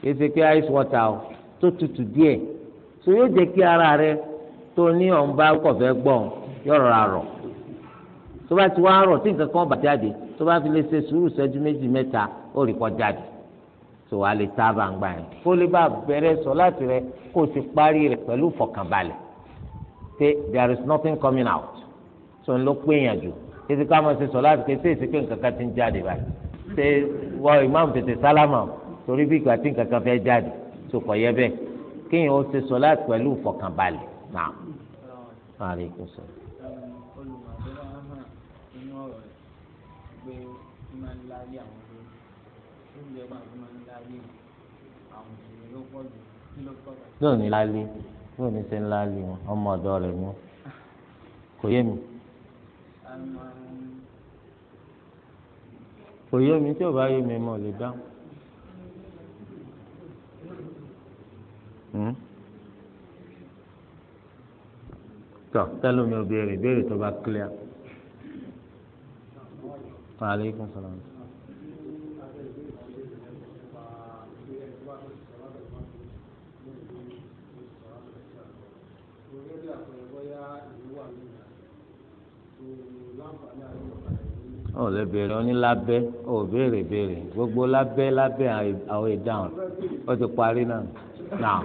kì í ṣe pé ice water o tó tutù díẹ̀ so yóò jẹ́ kí ara rẹ tó ní ọ̀nba kọ̀fẹ́ gbọ̀n yóò rọra rọ̀ tó bá ti wá rọ̀ tí nǹkan kan bà jáde tó bá fi lè ṣe sùúrù ṣẹ́jú méjì mẹ́ta ó rí kọ́ jáde tó wàá lè tá a bá ń yẹn kó lè bá bẹ̀rẹ̀ sọ láti rẹ kó o ti parí rẹ pẹ̀lú fọkànbalẹ̀ pé there is nothing coming out tó ń lọ pé yàn jù títí ká máa ṣe sọ láti ké ṣé èsì pé nǹkan kan ti ń jáde báyìí ṣe wọ ìmáàmù tètè sálámà torí bí ìgbà tí nǹkan kan fẹ́ jáde tó kọ̀ yẹ bẹ́ẹ̀ kéèyàn ó ṣe sọ láti pẹ̀lú fọkànbalẹ̀ náà. pé ìmọ̀ ńlá rí àwọn olórí ó ń jẹ́ pé àwọn ìmọ̀ ńlá rí àwọn òṣèré ló pọ̀ jù kí ló pọ̀ jù. yóò ní lálé yóò ní sẹ́ ńlá rí wọn ọmọ ọ̀dọ́ rẹ̀ mú kò yé mi. kò yé mi tí ò bá yé mi mo lè dá. Hmm? tọ́ tẹ́lómi ò béèrè béèrè tó bá clear aleykum salaam. ó lè béèrè ó ní lábẹ́ ó béèrè béèrè gbogbo lábẹ́ lábẹ́ àwọn ìdáhùn ó ti parí náà náà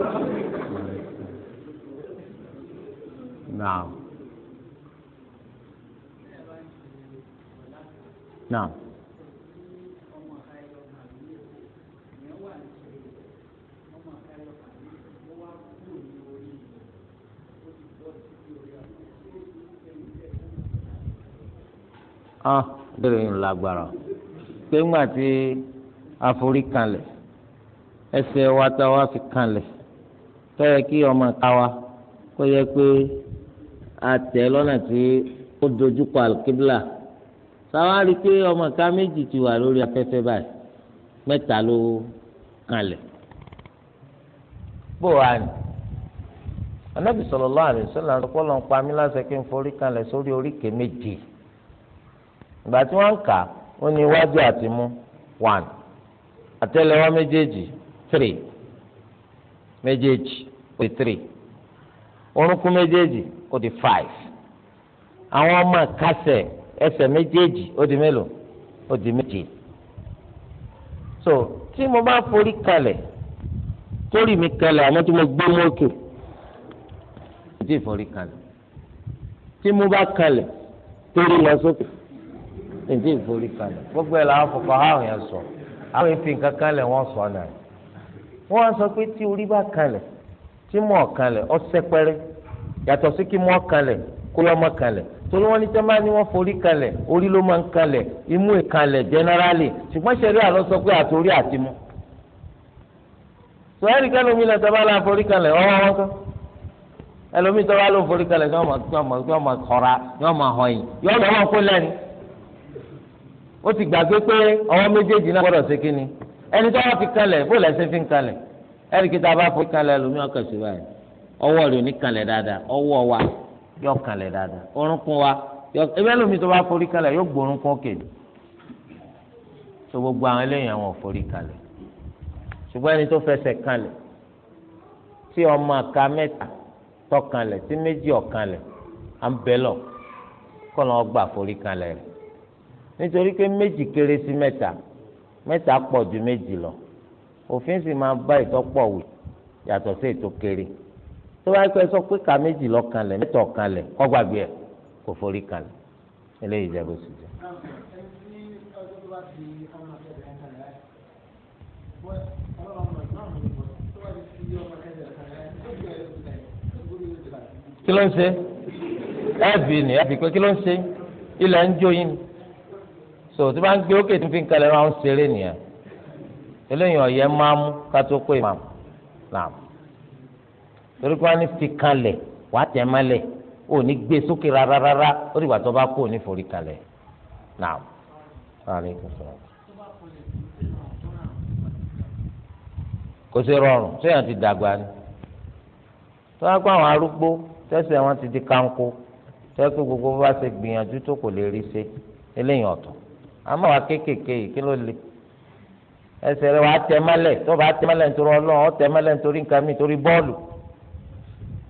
náà. náà. ah bẹ́ẹ̀ ni lágbára pé ńgbà tí àforí kanlẹ̀ ẹsẹ̀ wa tá wa fi kanlẹ̀ tó yẹ kí ọmọ ká wa kó yẹ pé a lọ́nà tí ó dojú kọ àlùkíbílà sáwọn àrí pé ọmọ ká méjì ti wà lórí afẹ́fẹ́ báyìí mẹ́ta ló kalẹ̀ bó wà ní. anábì sallallahu alaihi wasallam lọ́pọ̀lọ́ ń pa mí láṣẹ kí n forí kalẹ̀ sórí oríkèé méje ìgbà tí wọ́n ń kà ó ní iwájú àti mú one àtẹ́lẹwọ́ méjèèjì three méjèèjì ó di three orúnkún méjèèjì ó di five àwọn ọmọ kásẹ̀. ẹsẹ̀ méjèèjì ó di mélòó di méje so tí mo bá forí kalẹ̀ torí mi kalẹ̀ àmọ́ tí mo gbé ti forí kalẹ̀ tí mo bá kalẹ̀ torí lọ ti forí kalẹ̀ gbogbo ẹ̀ làwọn fọfọ àwọn yẹn sọ àwọn sọ náà wọ́n sọ kó lọ́mọ kalẹ̀ torí wọ́n ní tẹ́ máa ní wọ́n forí kalẹ̀ orí ló máa ń kalẹ̀ imú ìkalẹ̀ jẹ́nẹ́rálì ṣùgbọ́n ṣẹ̀rí àlọ́ sọ pé àtòrí àtimú. sọ ẹ́ nìkan lómi náà tẹ́lẹ̀ máa forí kalẹ̀ ọ̀hún wọn kọ́ ẹlòmí tẹ́lẹ̀ ló forí kalẹ̀ yọ máa kọ́ra yọ máa họyìn yọ máa kó lẹ́ni. ó ti gbàgbé pé ọwọ́ méjèèjì náà gbọ́dọ̀ ṣe kíni ẹni tó wá fi kalẹ̀ bó lẹ́sẹ̀ fi ń kalẹ̀ ẹ̀ríkì tá bá forí kalẹ̀ ẹlòmí ọkọ̀ ṣùgbọ́n ọwọ́ rẹ̀ ò ní kalẹ̀ dáadáa ọwọ́ wa yọ kanlẹ̀ dáadáa orúnkún wa ebe lómi tó bá forí kalẹ̀ yóò gbórúnkún kéde tó gbogbo àwọn eléyìí àwọn ò forí kalẹ̀ ṣùgbọ́n ẹni tó fẹsẹ̀ kanlẹ̀ tí ọmọ àka mẹ́ta tọkanlẹ̀ tí méjì ọ̀kanlẹ̀ à ń bẹ́ lọ kọ́ lọ́n gbà forí kalẹ̀ rẹ̀ nítorí pé méjì kéré sí mẹ́ta mẹ́ta pọ̀ ju méjì lọ òfin sì máa bá ìtọ́pọ̀ wù yàtọ̀ sí ètò kéré. tó bá pẹ́ sọ pé ká méjì lọ mẹ́tọ̀ kanlẹ̀ ọgbàgbé ẹ̀ kò forí kanlẹ̀ eléyìí jẹ́ bó ṣe jẹ́. kí ló ń ṣe pé kí ló ń ṣe ilẹ̀ ń jó yín so tí gbé òkè tó fi ń kalẹ̀ ṣeré nìyẹn eléyìí ọ̀yẹ́ máa mú ká tó pé torí fi tẹ̀ ò ní gbé sókè rárá rárá ó dìgbà tó bá ò ní forí kò sí rọrùn ti dàgbà ni tó àwọn di kanko gbogbo bá ṣe gbìyànjú tó kò lè rí ṣe eléyìí ọ̀tọ̀ wa kéékèèké yìí kí ló le ẹsẹ̀ rẹ̀ tẹ̀ tó bá tẹ̀ nítorí ọlọ́run tẹ̀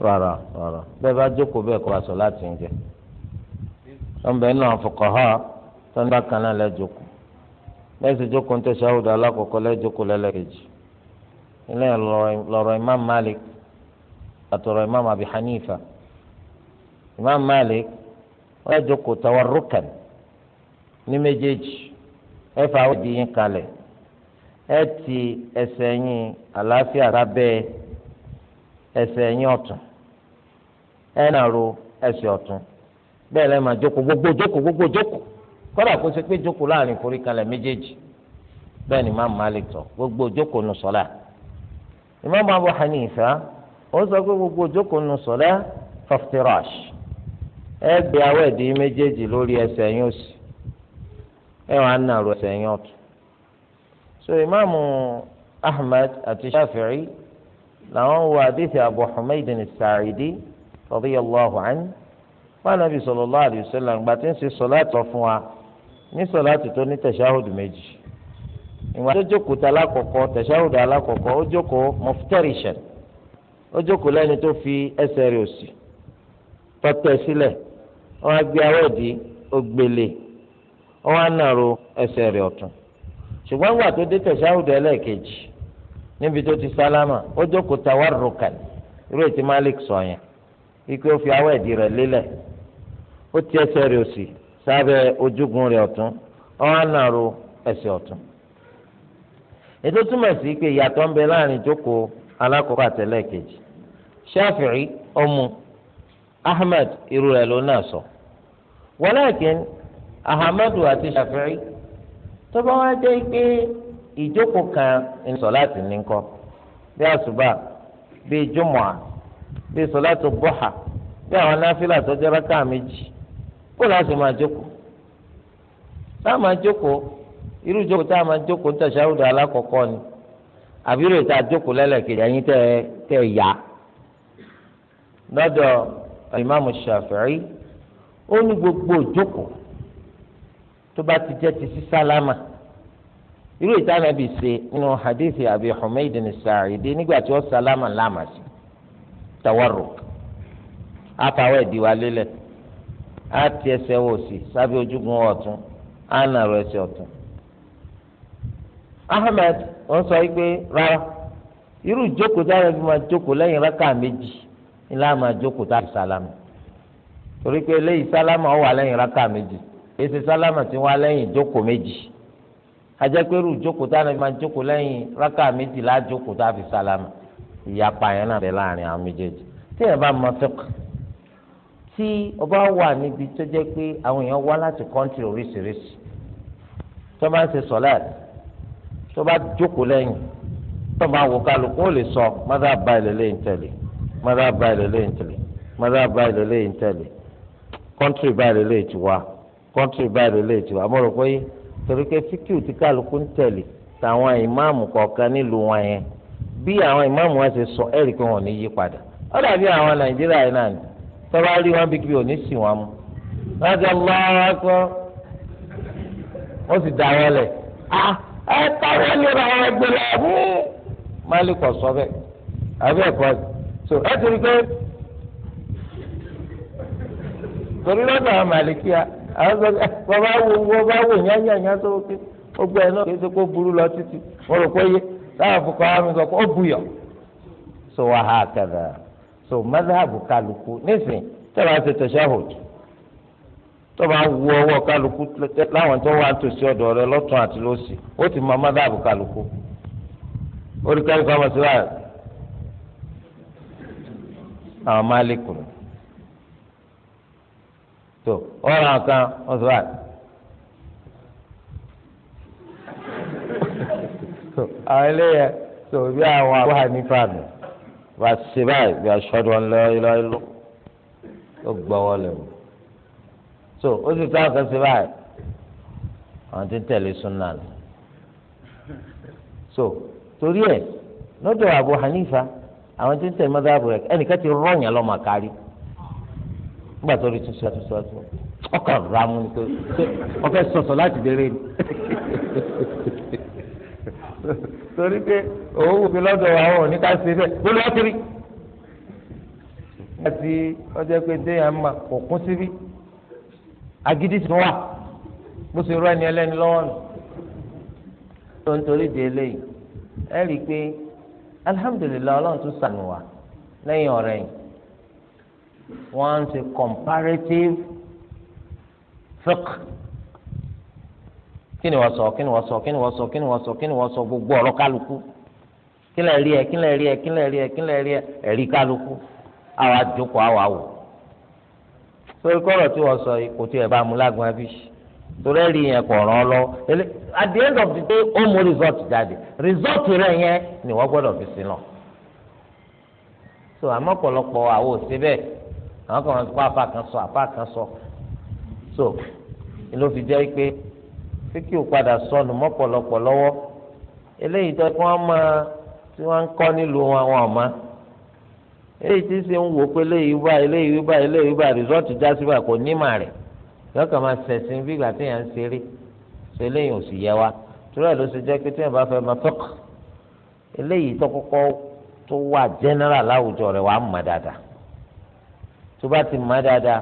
rárá rárá bẹ́ẹ̀ bá jókòó bẹ́ẹ̀ kó aṣọ láti ń jẹ ọmọbìnrin náà fọkàn hàn tọ́ni bá kan náà lẹ́jọ́kù lẹ́sìn jókòó ń tẹ̀sí àwùjọ alákọ̀ọ́kọ́ lẹ́jọ́kù lẹ́lẹ́kejì ilé lọ́rọ̀ imam malik àtọ̀rọ̀ imam abi hanifa imam malik lẹ́jọ́kù tawarrukan ní méjèèjì ẹ̀fà àwọn ìdíyìn kalẹ̀ ẹ ti ẹsẹ̀ yín àlàáfíà sábẹ́ ẹsẹ̀ yín ọ̀tún ẹ nà ro ẹsẹ̀ ọ̀tún bẹ́ẹ̀ lẹ́ẹ̀ máa jókòó gbogbo jókòó gbogbo jókòó kódà kó ṣe pé jókòó láàrin forí kalẹ̀ méjèèjì bẹ́ẹ̀ ni máa máa lè gbogbo jókòó nù sọ́lá Imam Abu Hanifa ó sọ pé gbogbo jókòó nù sọ́lá faftirash ẹ gbé edi méjèèjì lórí ẹsẹ̀ yín òsì ẹ wàá nà ro so ìmáàmù ahmed àti shafi'i làwọn wo àdìsí abu humayd as-sa'idi radiyallahu anhu wọn sallallahu alayhi wa sallam gbà ń ṣe sọláàtọ̀ fún wa ní sọláàtì tó ní tẹ̀síáhùdù méjì ìwà tó jókòó ta alákọ̀ọ́kọ́ alákọ̀ọ́kọ́ ó jókòó ó jókòó lẹ́ni tó fi ẹsẹ̀ rẹ̀ òsì tọ́tẹ̀ sílẹ̀ gbé ó gbélé ṣùgbọ́n wà tó dé tẹ̀sáhùdù ẹlẹ́ẹ̀kejì níbi tó ti sálámà ó jókòó irú ètí malik sọ yẹn ike ó fi awọ ẹ̀dì rẹ̀ lélẹ̀ ó ti ẹsẹ̀ rẹ̀ òsì sábẹ́ ojúgun rẹ̀ ọ̀tún ọ̀hún ànàrò ẹsẹ̀ ọ̀tún. ètò túmọ̀ sí pé ìyàtọ̀ ń bẹ láàrin jókòó alákọ̀ọ́kọ́ àtẹlẹ́ẹ̀kejì ṣáfìrí ọmú ahmed irú rẹ̀ ló náà sọ ahamadu àti ṣáfìrí tó bá wá jẹ́ pé ìjókòó kan ní sọ̀láàtì ní kọ́ bí àṣùbà bí jùmọ̀à bí sọ̀láàtì bọ́hà bí àwọn náfìlà tó jẹ́ rákà méjì kó láti máa jókòó tá a máa jókòó irú jókòó tá a máa jókòó ní tàṣàhúdù alákọ̀ọ́kọ́ ni àbí rè jókòó lẹ́lẹ̀kejì ẹ̀yin tẹ́ tẹ́ yá lọ́dọ̀ Imam Shafi'i ó ní gbogbo ìjókòó tó bá ti jẹ́ ti sí sálámà irú ìtànàbì ṣe nínú hadith abi humayd ní sàrídé nígbà tí wọ́n sálámà láàmà sí tawarruk àfàwọ̀ ìdíwà lélẹ̀ á ti ẹsẹ̀ wò sí sábẹ́ ojúgun ọ̀tún á nà rọ ẹsẹ̀ ọ̀tún. ahmed wọ́n sọ wípé rárá irú ìjókòó táwọn ẹbí máa jókòó lẹ́yìn rákà méjì ńlá máa jókòó táwọn sálámà torí pé lẹ́yìn sálámà ó wà lẹ́yìn rákà méjì. Ese sálámà tí wọ́n á lẹ́yìn ìjókòó méjì ajẹ́pẹ́rù ìjókòó tá a máa jókòó lẹ́yìn rákà méjì lájókòó tá a fi sálámà ìyapa yẹn náà bẹ láàrin àwọn méjèèjì tí èèyàn bá mọ fẹ́k tí ọba wà níbi tó jẹ́ pé àwọn èèyàn wá láti kọ́ńtì oríṣiríṣi tó bá ń ṣe sọ́láàtì tó bá jókòó lẹ́yìn tó bá wò kálukú ó lè sọ mọ́tà bá ìlẹ́lẹ́yìn tẹ̀lé mọ́tà bá ìlẹ́lẹ́yìn tẹ̀lé mọ́tà bá ìlẹ́lẹ́yìn tẹ̀lé kọ́ńtì bá ìlẹ́lẹ́yìn ti wá kọ́ńtírì báyìí ló lè tiwa mo rò pé torí pé fíkìú tí kálukú ń tẹ̀lé táwọn ìmáàmù kọ̀ọ̀kan nílùú wọn yẹn bí àwọn ìmáàmù wọn ṣe sọ ẹ̀rì pé wọn ò ní yí padà ó dàbí àwọn nàìjíríà yìí náà ni tọ́ba rí wọn bí kí ò ní sì wọn mu lọ́jọ́ lọ́wọ́ kọ́ wọ́n sì dá wọn lẹ̀ ẹ táwọn ẹni ra wọn gbé lọ fún máàlìkọ̀ sọ bẹ́ẹ̀ àbí ẹ̀kọ́ so ẹ ti rí pé torí lọ́dọ̀ àwọn màlìkíyà. àwọn bàbá wò bàbá wò yán yán yán tó ké gbogbo ẹ̀ náà kì í ṣe kó burú lọ títí wọn rò pé yé táwọn sọ pé ó so wà á kẹ̀dà so mẹ́tàbù kálukú nísìnyí tẹ̀sẹ̀ tó bá ọwọ́ kálukú láwọn tó wà tòsí ọ̀dọ̀ rẹ lọ́tún àti lọ́sì ó ti mọ kálukú àwọn kùnú. so ọ̀ràn kan wọ́n sọ báyìí. so àwọn eléyẹ so bí àwọn àwọn ànífà mi bá ṣe báyìí bí aṣọ́dún wọn lọ ilọ́ ilọ́ ó gbọ́wọ́ lẹ́wọ̀ so ó sì táwọn kan ṣe báyìí àwọn tí ń tẹ̀lé súnà lọ so torí ẹ̀ lọ́dọ̀ Abu Hanifa àwọn tí ń tẹ̀lé mọ́tàbù rẹ̀ ẹnìkan ti rọ̀yàn lọ́mọ kárí nígbà tó rí tuntun àti tuntun àti ọkàn ramu ni pé wọ́n fẹ́ sọ̀tọ̀ láti bẹ̀rẹ̀ ni torí pé òun wù mí lọ́dọ̀ àwọn òní ká ṣe bẹ́ẹ̀ bó lọ́ọ́ kiri àti ọjọ́ pé déyà ń mà kò kún síbí agídí tún wà bó ṣe rọ ẹni ẹlẹ́ni lọ́wọ́ nù tó ń torí di eléyìí ẹ rí i pé alihamudulilayi ọlọ́run tún sànù wá lẹ́yìn ọ̀rẹ́ wọ́n ń ṣe comparative fiqh kí ni wọ́n sọ kí ni wọ́n sọ kí ni wọ́n sọ kí ni wọ́n sọ kí ni wọ́n sọ gbogbo ọ̀rọ̀ kálukú kí lè rí ẹ kí lè rí ẹ kí lè rí ẹ kí lè rí ẹ ẹ̀rí kálukú àwa jókòó àwa wò torí kọ́rọ̀ tí wọ́n sọ yìí kò tí ẹ̀ bá mu lágbọ́n bí torí ẹ̀rí yẹn kò ràn ọ́ lọ at the end of the day ó mú result jáde result rẹ̀ yẹn ni wọ́n gbọ́dọ̀ fi sí náà so àmọ́ pọ̀lọpọ̀ àwọn ò bẹ́ẹ̀ àwọn kan wọn kó afa kan sọ afa kan sọ so ló fi jẹ́ pé fíkì ò padà sọnù mọ́pọ̀lọpọ̀ lọ́wọ́ eléyìí tó kí wọ́n máa tí wọ́n ń kọ́ nílùú wọn wọn ọ̀ma eléyìí tí sì ń wò pé eléyìí wíwá eléyìí wíwá eléyìí wíwá rìsọ́ọ̀tì já sí wa kò ní mà rẹ̀ lọ́kàn máa ṣẹ̀sìn bí ìgbà tí yẹn ń ṣeré ṣe eléyìí ò sì yẹ wa torí ẹ̀ ló ṣe jẹ́ pé tí yẹn bá fẹ́ máa tọ́kà eléyìí tó kọ́kọ́ tó wà jẹ́nẹ́rà láwùjọ rẹ̀ wàá mọ̀ dáadáa tó bá ti mọ̀ dáadáa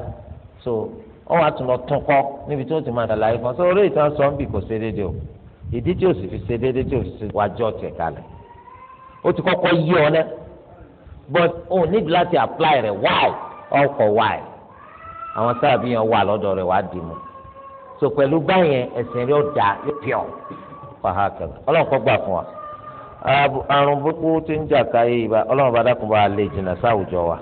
so ọ wà tún lọ tún kọ́ níbi tí ó ti so orí ìtàn sọ ń bì kò ṣe déédéé o ìdí tí ó sì fi ṣe déédéé tí ó sì ti kọkọ yí ọ náà but o oh, need láti apply why ọkọ why àwọn sábàbí yẹn wà lọdọ rẹ̀ wá dì mú so pẹ̀lú báyẹn ẹ̀sìn rẹ̀ ó fún wa àrùn burúkú ti ń jà káyé bá wa.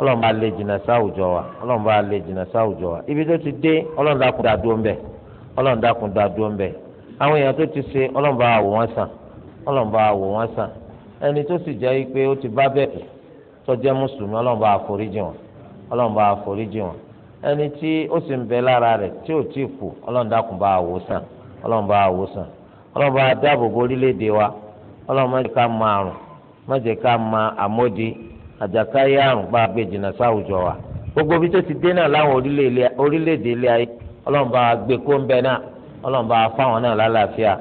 ọlọ́run bá lè jìnnà sáwùjọ wa ọlọ́run bá lè jìnnà sáwùjọ wa ibi tó ti dé ọlọ́run dákun da dúró ń bẹ̀ ọlọ́run dákun dá dúró ń bẹ̀ àwọn èèyàn tó ti ṣe ọlọ́run bá wò wọ́n sàn ọlọ́run bá wò wọ́n sàn ẹni tó sì jẹ́ pé ó ti bá bẹ̀rẹ̀ tó jẹ́ mùsùlùmí ọlọ́run bá foríjì wọn ọlọ́run bá foríjì wọn ẹni tí ó sì ń bẹ lára àjàkáyé àrùn bá a gbé jìnnà sáwùjọ wa gbogbo bí tó ti dé náà láwọn orílẹ̀-èdè ilé ayé ọlọ́run bá gbé kó ń bẹ náà ọlọ́run bá fáwọn náà lálàáfíà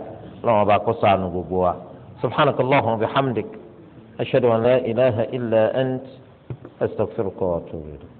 ọlọ́run bá kó ṣàánú gbogbo wa subhanaka allahumma wa bihamdik ashhadu an la ilaha illa ant astaghfiruka wa atubu